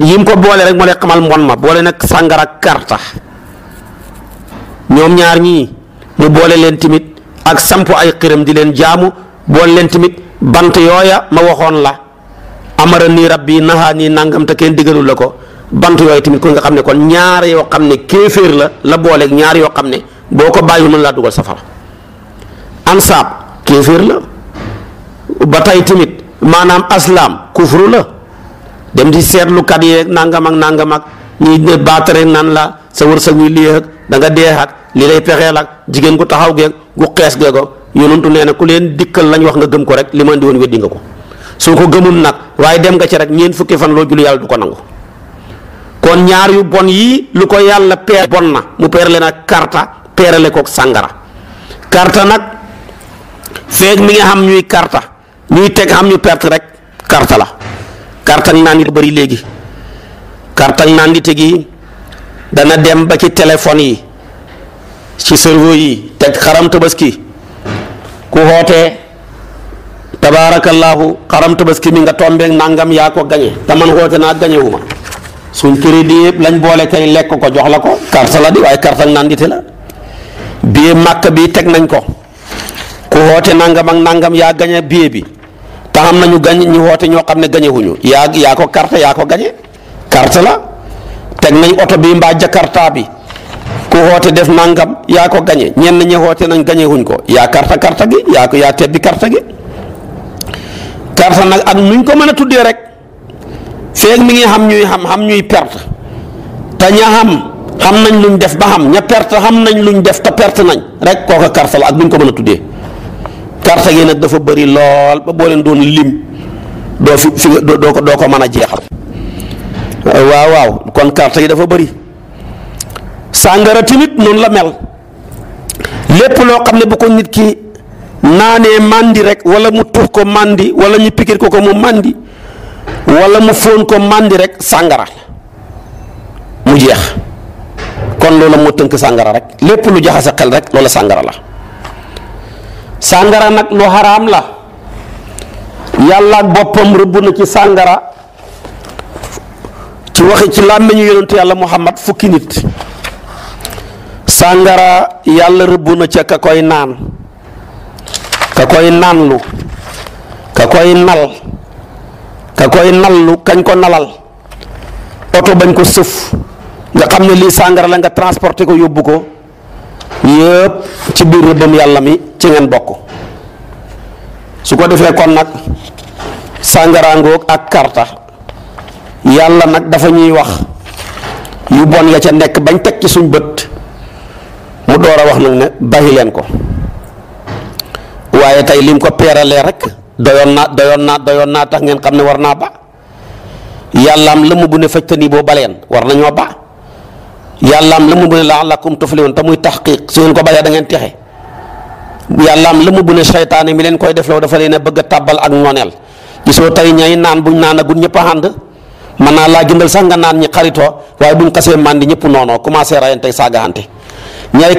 yim ko boole rek mu lay xamal mbon ma boole nag sàngara ak karta ñoom ñaar ñii mu boole leen tamit ak samp ay xiram di leen jaamu boole leen tamit bant yooya ma waxoon la amara nii rab bi nahaa nii nangam te kenn diggalul la ko bant yooyu tamit kon nga xam ne kon ñaar yoo xam ne kéeféer la la booleeg ñaar yoo xam ne boo ko bàyyiwul mën laa dugal safara ansaab kéeféer la ba tey tamit maanaam aslaam kufru la dem di seetlu kat yeeg nangam ak nangam ak ñuy ne baatare nan la sa wërsëg wi lii ak da nga dee ak li lay pexeel ak jigéen gu taxaw geeg gu xees geego yonantu nee na ku leen dikkal lañu wax nga gëm ko rek li ma di woon weddi nga ko. soo ko gëmul nag waaye dem nga ci rek ñeent fukki fan loo julli yàlla du ko nangu kon ñaar yu bon yi lu ko yàlla peer bon na mu peerale nag karta peerale kook sàngara karta nag feeg mi nga xam ñuy karta ñuy teg xam ñu perte rek karta la karta ak naan yi bëri léegi karta ak naan teg tegi dana dem ba ci téléphone yi ci cerveau yi teg xaram tabaski ku xootee tabaarakallaahu xaram tabaski mi nga tombeek nangam yaa ko gañe te man xoote naa gañewuma suñ crédit yëpp lañ boole kay lekk ko jox la ko karta la di waaye karta ak nandite la bii màkk teg nañ ko ku nangam ak nangam yaa gañe billet bi te nañu gañ ñu xoote ñoo xam ne gañewuñu yaa yaa ko karta yaa ko la teg nañ oto bi mbaa jakarta bi ku xoote def nangam yaa ko gañe ñenn ñi xoote nañ gañewuñ ko yaa karta karta gi yaa ko yaa tebbi karta gi perte nag ak nuñ ko mën a tuddee rek feeg mi ngi xam ñuy xam xam ñuy perte te ña xam xam nañ luñ def ba xam ña perte xam nañ luñ def te perte nañ rek kooka karta la ak nuñ ko mën a tuddee karta gi nag dafa bëri lool ba boo leen doon lim doo fi fi doo ko doo ko mën a jeexal waaw waaw kon karta yi dafa bëri sàngara tamit noonu la mel lépp loo xam ne bu ko nit ki naanee màndi rek wala mu tuux ko màndi wala ñu pikir ko ko mu màndi wala mu fóon ko màndi rek sàngara mu jeex kon loola moo tënk sàngara rek lépp lu jaxase xel rek loola sàngara la sàngara nag lu xaraam la yàlla ak boppam rëbb na ci sàngara ci waxi ci làmmiñu yonentu yàlla muhammad fukki nit sàngara yàlla rëbb na ca ka koy naan ka koy naanlu ka koy nal ka koy lu kañ ko nalal oto bañ ko sëf nga xam ne lii sàngara la nga transporté ko yóbbu ko yëpp ci biir rëbbam yàlla mi ci ngeen bokk su ko defee kon nag sàngaraangook ak karta yàlla nag dafa ñuy wax yu bon ya ca nekk bañ teg ci suñ bët mu door a wax nag ne bàyyi leen ko waaye tey lim ko peralee rek doyoon naa doyoon naa doyoon naa tax ngeen xam ne war naa ba yàllaam lëmm bu ne fajta nii boo baleen war nañoo ba yàllaam lëmm bu ne la'allakum tuflihun te muy taxqiq su ngeen ko ba da ngeen texe yàllaam lëmm bu ne seytaane mi leen koy defloo dafa leen bëgg a tàbbal ak ñooneel gisoo tey ñay naan buñ naan agun ñëpp a ànd man naa laa jëndal sax nga naan ñi xaritoo waaye buñ xasee màndi ñëpp noonoo commencé rayante saagaante ñay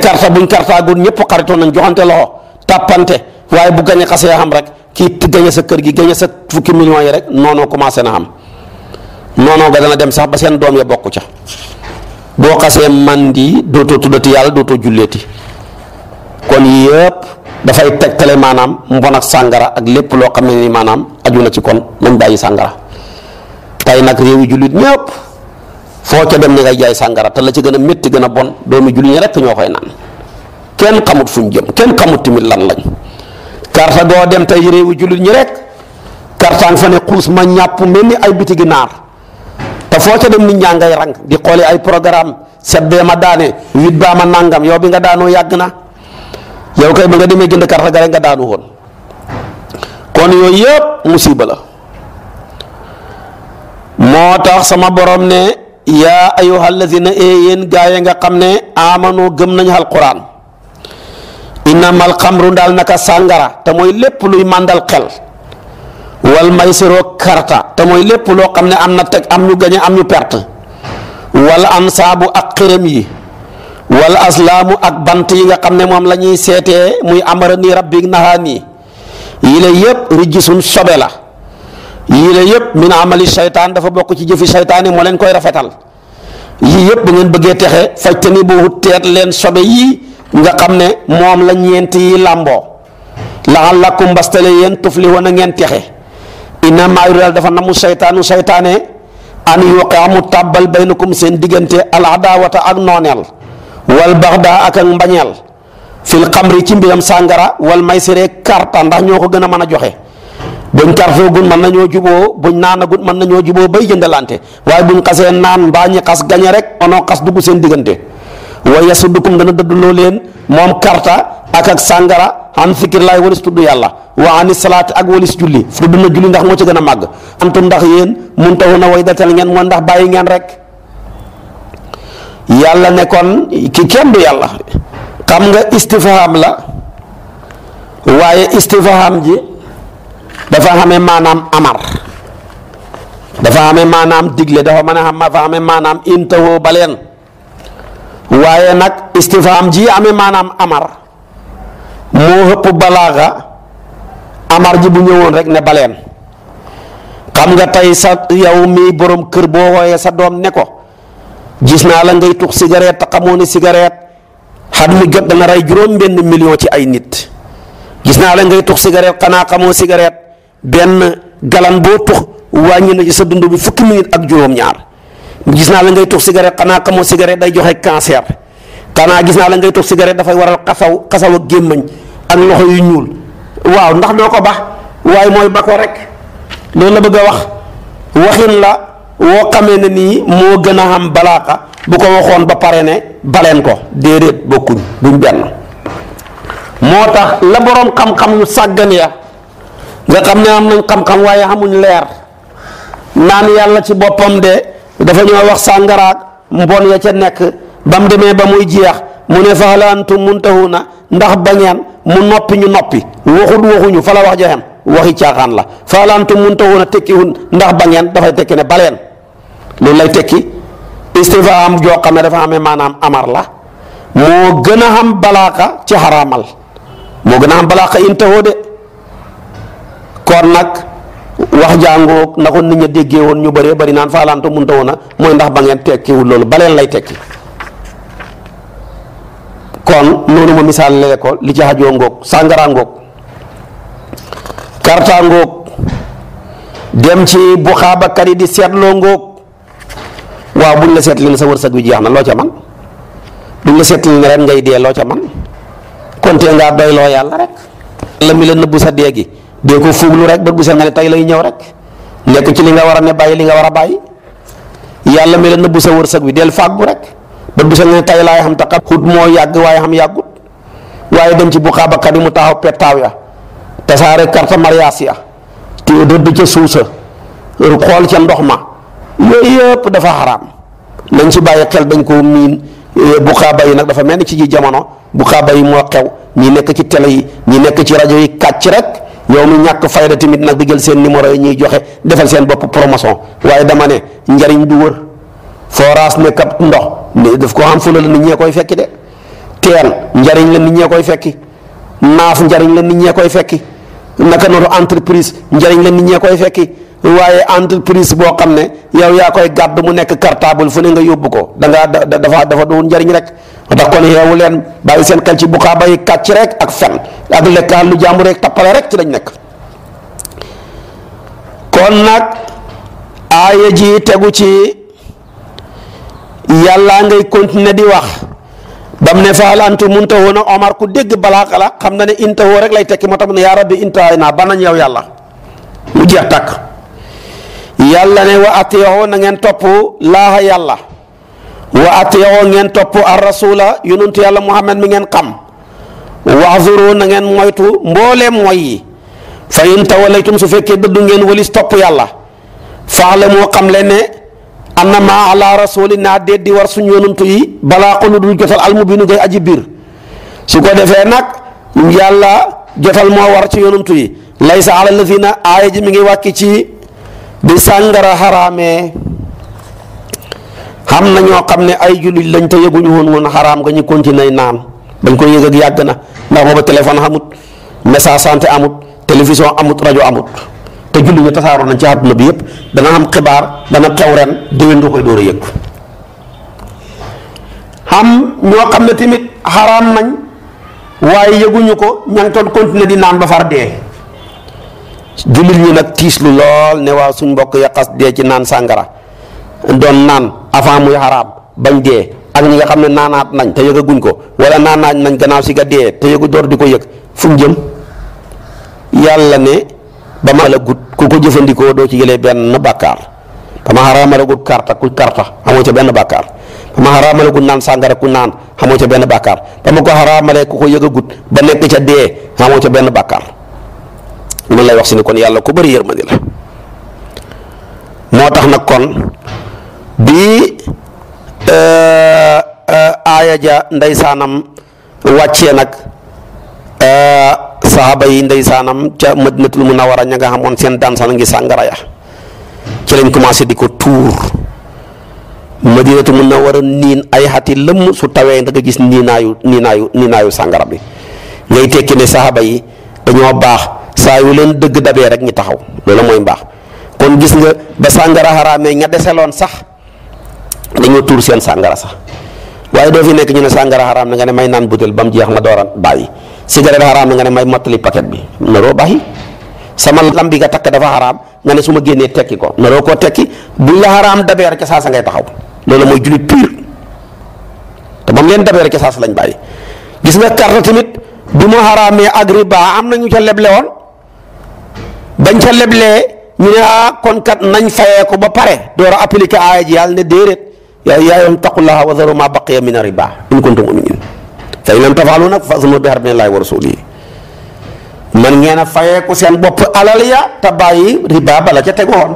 waaye bu gañe xasee xam rek kii gañe sa kër gi gañe sa fukki millions yi rek noonu commencé na am noonu ga dana dem sax ba seen doom ya bokk ca boo xasee man màndi dootoo tuddati yàlla dootoo julleeti kon yëpp dafay tegtale maanaam mbon ak sàngara ak lépp loo xam ne ni maanaam aju na ci kon nañ bàyyi sàngara tey nag réewi jullit ñëpp foo ca dem ni ngay jaay sàngara te la ci gën a métti gën a bon doomi jullit ñi rekk ñoo koy naan kenn xamut fuñ jëm kenn xamut tamit lan lañ karta doo dem tey réewu jullit ñi rek kartaan fa ne xuus ma ñàpp mel ni ay bitigi naar te foo ca dem nit ñaa ngay rang di xooli ay programme set bee ma daane huit baa ma nàngam yow bi nga daanoo yàgg na yow kay ba nga demee jënd karta ga rek nga daanoo woon kon yooyu yëpp musiba la moo tax sama borom ne yaa ayyuhal lazina ee eh yéen gaa yi nga xam ne amanu gëm nañu alquran innamal xamru daal naka sàngara te mooy lépp luy màndal xel wal maysiroo karta te mooy lépp loo xam ne am na teg am ñu gañe am ñu perte wal ansaabu ak xërëm yi wal aslaamu ak bant yi nga xam ne moom la ñuy seetee muy amara nii rabbi nahaa nii yi la yëpp rijjisun sobe la yii la yëpp min amali seytaan dafa bokk ci jëfi seytaan moo leen koy rafetal yii yëpp bu ngeen bëggee texe fajtani boobu teet leen sobe yii nga xam ne moom la ñeent yi làmboo laxallakum mbastale yéen tuflihoon a ngeen texe inna maa yuriidu daal dafa namu seytaanu seytaane an yuqa mu tàbbal baynakum seen diggante al adaawata ak nooneel wal baxdaa ak ak mbañeel fil xamri ci mbiram sàngara wal maysire karta ndax ñoo ko gën a mën a joxe buñ kartoo gun mën nañoo juboo buñ naana gun mën nañoo juboo bay jëndalante waaye buñ xasee naan mbaa ñi xas gañe rek onoo xas dugg seen diggante wa yasuddukum dana moom karta ak ak sàngara an fikirlaay walis tudd yàlla wa ani salaat ak walis julli ndax moo ci gën a màgg antum ndax yéen mun taxu na way datal ngeen moo ndax bàyyi ngeen rek yàlla ne ki kenn du yàlla xam nga istifham la waaye istifham ji dafa xamee maanaam amar dafa xamee maanaam digle dafa mën a xam dafa xamee maanaam intahu baleen waaye nag istifhaam ji amee maanaam amar moo hëpp balaaxa amar ji bu ñëwoon rek ne baleen xam nga tey sa yow mi borom kër boo wooyee sa doom ne ko gis naa la ngay tux cigarette te xamoo ne cigarette xat mi jot dana rey juróom mbenn million ci ay nit gis naa la ngay tux cigarette xanaa xamoo cigarette benn galan boo tux wàññi na ci sa dund bi fukki minute ak juróom-ñaar gis naa la ngay tux cigarette xanaa xamoo cigarette day joxe cancer xanaa gis naa la ngay tux cigarette dafay waral xasaw xasaw ak gémmañ ak loxo yu ñuul waaw ndax doo ko bax waaye mooy ba ko rek loolu la bëgg a wax waxin la woo xamee ne nii moo gën a am balaaka bu ko waxoon ba pare ne baleen ko déedéet bokkuñ duñ benn moo tax la boroom xam-xam yu sàggan ya nga xam ne am nañ xam-xam waaye amuñ leer naan yàlla ci boppam de dafa ñoo wax sàngaraag mbon ya ca nekk ba mu demee ba muy jeex mu ne fa hal antum na ndax ba mu noppi ñu noppi waxut waxuñu fa wax joxem waxi caaxaan la fa hal antum muntahuna tekki hun ndax ba ngeen dafay tekki ne baleen loolu lay tekki istifhaam joo xam ne dafa amee maanaam amar la moo gën a xam balaaka ci xaraamal moo gën a xam balaaka intahoo de kon nag wax jàngoog na ko nit ña déggee woon ñu bëree bari naan faalaanta munta woon a mooy ndax ba ngeen tekkiwul loolu baleen lay tekki kon noonu ma misaal lee li ci xajoo ngoog sàngara ngoog karta ngoog dem ci bu xaabakat yi di seetloo ngoog waaw buñ la seetli ne sa wërsëg wi jeex na loo ca man buñ la seetli ne ren ngay dee loo ca man konte ngaa doy yàlla rek la mi la nëbbu sa dee de ko fuuglu rek bët bu set nga ne tey lay ñëw rek nekk ci li nga war a ne bàyyi li nga war a bàyyi yàlla mi la nëbbu sa wërsëg wi del fàggu rek bët bu set nga ne tey laay xam taxat xut moo yàgg waaye xam yàggut waaye dem ci bu xaabakat yi mu taxaw pettaaw ya tasaare carte mariage ya te dëdd ca suusa xool ca ndox ma yooyu yëpp dafa xaraam nañ ci bàyyi xel dañ ko miin eh, bu xaaba yi nag dafa mel ni ci ji jamono bu xaaba yi moo xew ñi nekk ci télé yi ñi nekk ci rajo yi kàcc rek yow mi ñàkk fayda tamit nag di jël seen numéro yi ñuy joxe defal seen bopp promotion waaye dama ne njariñ du wër forage ne kap ndox ne ko am fula la ñee koy fekki de teel njariñ la nit ñee koy fekki naaf njariñ la nit ñee koy fekki naka noonu entreprise njariñ la nit ñee koy fekki waaye entreprise boo xam ne yow yaa koy gàdd mu nekk cartable fu ne nga yóbbu ko danga ngaa da dafa dafa doon njariñ rek moo tax kon yeewu leen bàyyi seen xel ci buxaaba yi kàcc rek ak fen ak lekkaal lu jàmbur rek tappale rek ci lañ nekk kon nag aaya ji tegu ci yàlla ngay continuer di wax ba mu ne faal antum muntahun a Omar ku dégg balaa xala xam na ne intahoo rek lay tekki moo tax mu ne yaa rabbi intahay naa ba nañ yow yàlla mu jeex tàkk yàlla ne wa atiyoo na ngeen topp laaxa yàlla wa atiyo ngeen topp ar rasula yonentu yàlla muhammad mi ngeen xam waxzuru na ngeen moytu mbooleem mooy yi fa in tawalaytum su fekkee dëddu ngeen walis topp yàlla faalamoo xam leen ne anna maa ala naa déet di war suñu yonentu yi balaa xulu dul jotal almubinu gay aji biir su ko defee nag yàlla jotal moo war ci yonentu yi laysa ala lazina aaya ji mi ngi wàkki ci di sàngara xaraamee xam na ñoo xam ne ay jullit lañ te yëguñu woon woon xaraam nga ñu continuer naan dañ koy yëg ak yàgg na ndax booba téléphone amut message santé amut télévision amut rajo amut te jullit ñi tasaaroo nañ ci àdduna bi yëpp dana xibaar dana xew ren déwén nga koy door a yëg xam ñoo xam ne tamit xaraam nañ waaye yëguñu ko ña di naan ba far dee jullit ñi nag tiis lu lool ne waa suñ mbokk ya xas dee ci naan sàngara doon naan avant muy xaraam bañ dee ak ñi nga xam ne naanaat nañ te yëgaguñ ko wala naanaat nañ gannaaw si nga dee te yëgu door di ko yëg fu mu jëm yàlla ne ba ma la gut ku ko jëfandikoo doo ci jëlee benn bàkkaar ba ma xaraamal gut ku karta amoo ca benn bàkkaar ma xaraamal gut naan sàngara ku naan amoo ca benn bàkkaar ba ma ko xaraamalee ku ko yëgagut ba nekk ca dee amoo ca benn bàkkaar loolu lay wax si ne kon yàlla ku bari yërmandi la moo tax na kon. bi eh, eh, aaya ja ndeysaanam wàccee nag eh, saxaaba yi ndeysaanam ca madinatul munawara ña nga xamoon seen daan sana ngi sàngara ya ci lañ commencé di ko tuur madinatul munawara niin ay xati lëmm su tawee da nga gis niinaayu niinaayu niinaayu sàngara bi ngay tekki ne saxaaba yi dañoo baax saa yu leen dëgg dabee rek ñi taxaw loolu mooy mbaax kon gis nga ba sàngara xaraamee ña deseloon sax dañoo tuur seen sàngara sax waaye doo fi nekk ñu ne sàngara xaraam na nga ne may naan butéel ba mu jeex ma door a bàyyi cigarette xaraam na nga ne may mottali paquet bi naroo bàyyi sama lam bi nga takk dafa xaraam nga ne su ma génnee tekki ko naroo koo tekki buñ la xaraam dabee rek ca ngay taxaw loolu mooy jullit pire te ba mu leen dabee rek ca lañ bàyyi gis nga a tamit bi mu xaraamee ak riba am na ñu ca leble woon bañ ca leblee ñu ne ah kon kat nañ fayee ko ba pare door a appliqué yaa ayyuhaa ittaqullaaha wa zaruu maa baqiya mina ribaa in kuntum mu'miniin fa in lam taf'aluu nag fa'zanuu bi harbin minallaahi wa rasuulihi man ngeen a fayeeku seen bopp alal ya te bàyyi riba bala ca tegu woon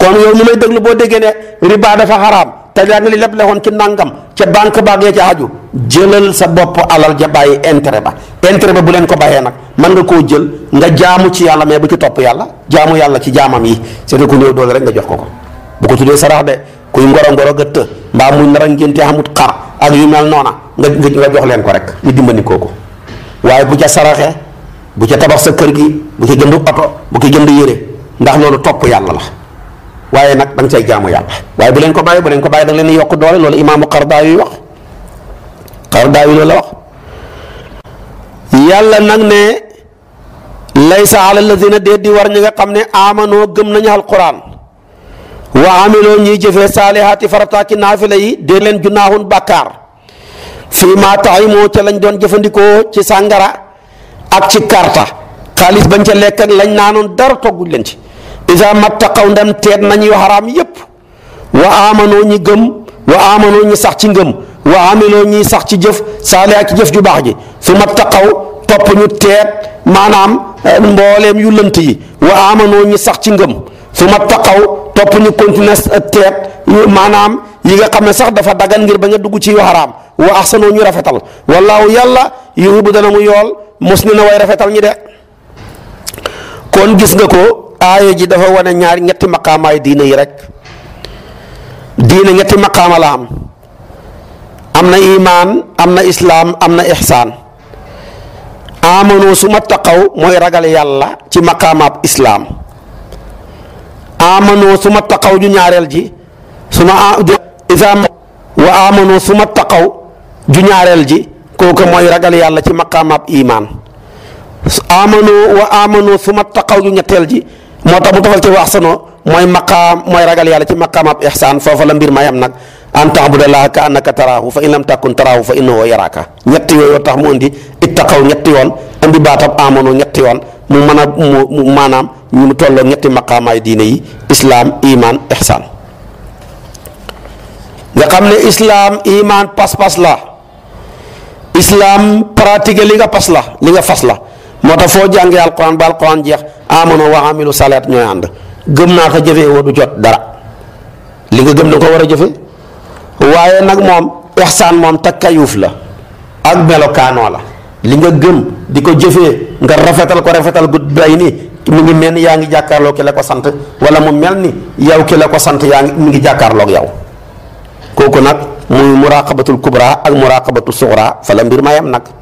kon yow ñu may déglu boo déggee ne riba dafa xaraam te yaa ngi leble woon ci nangam ca banque baag ya ca aju jëlal sa bopp alal ja bàyyi intérêt ba intérêt ba bu leen ko bàyyee nag mën nga koo jël nga jaamu ci yàlla mais bu ci topp yàlla jaamu yàlla ci jaamam yi c'est que ku nga jox ko ko kuy ngoro ngoro ga mbaa muy nar a ngénte xamut xar ak yu mel noona nga nga jox leen ko rek ñu dimbali ko waaye bu ca saraxe bu ca tabax sa kër gi bu ca jënd oto bu ca jënd yére ndax loolu topp yàlla la waaye nag da nga cay jaamu yàlla waaye bu leen ko bàyyi bu leen ko bàyyi da nga leen yokk doole loolu imaamu xardaa yuy wax xardaa yu loolu la wax yàlla nag ne laysa ala alladina dee di war ñi nga xam ne amanoo gëm nañu alquran wa amiloo ñuy jëfee saalihaati farataaki naafila yi dee leen junnaaxun bakkaar fii maa taximoo ca lañ doon jëfandikoo ci sàngara ak ci karta xaalis bañ ca lekk ak lañ naanoon dara togguñ leen ci isa mattaqaw ndem teet nañuy xaraam yépp wa amanoo ñi gëm wa amanoo ñi sax ci ngëm wa amiloo ñi sax ci jëf saalihaat ci jëf ju baax ji su mattaqaw topp ñu teet maanaam eh, mbooleem yu yi wa ñi sax ci ngëm su ma taqaw topp ñu continué teet maanaam yi nga xam ne sax dafa dagan ngir bañ a dugg ci yu xaraam wa axsanu ñu rafetal wallaahu yàlla yuhibu dana mu yool mos ni na way rafetal ñi de kon gis nga ko aaya ji dafa wane ñaar ñetti maqaamaay diine yi rek diine ñetti maqaama am na imaan am na islaam am na ixsaan amano su ma taqaw mooy ragal yàlla ci maqaamaab islaam amanoo suma taqaw ju ñaareel ji suma isa wa amanoo suma taqaw ju ñaareel ji kooku mooy ragal yàlla ci maqaamaab imaan amanoo wa amanoo suma taqaw ju ñetteel ji moo tax mu tafal ci wa mooy maqaam mooy ragal yàlla ci maqaamaab ixsaan foofa la mbir ma yam nag an taxbudallaha ka annaka taraahu fa in lam takun taraahu fa innahu yaraaka ñetti yooyu tax mu indi ittaqaw ñetti yoon indi baatab amanoo ñetti yoon mu mën a mu maanaam ñu mu tolloo ñetti maqaamaay diine yi islaam iman ihsaan nga xam ne islaam iman pas-pas la islaam pratique li nga pas la li nga fas la moo tax foo jàngee alquran ba alquran jeex amano wa amilu salaat ñooy ànd gëm naa ko jëfee woo jot dara li nga gëm da ko war a jëfe waaye nag moom ihsaan moom takkayuuf la ak melokaanoo la li nga gëm di ko jëfee nga rafetal ko rafetal gu bay ni mu ngi mel ni yaa ngi jàkkaarloo ki la ko sant wala mu mel ni yow ki la ko sant yaa ngi mu ngi jàkkaarloog yow kooku nag muy muraqabatul kubra ak muraqabatu suxra fa la mbir ma yem nag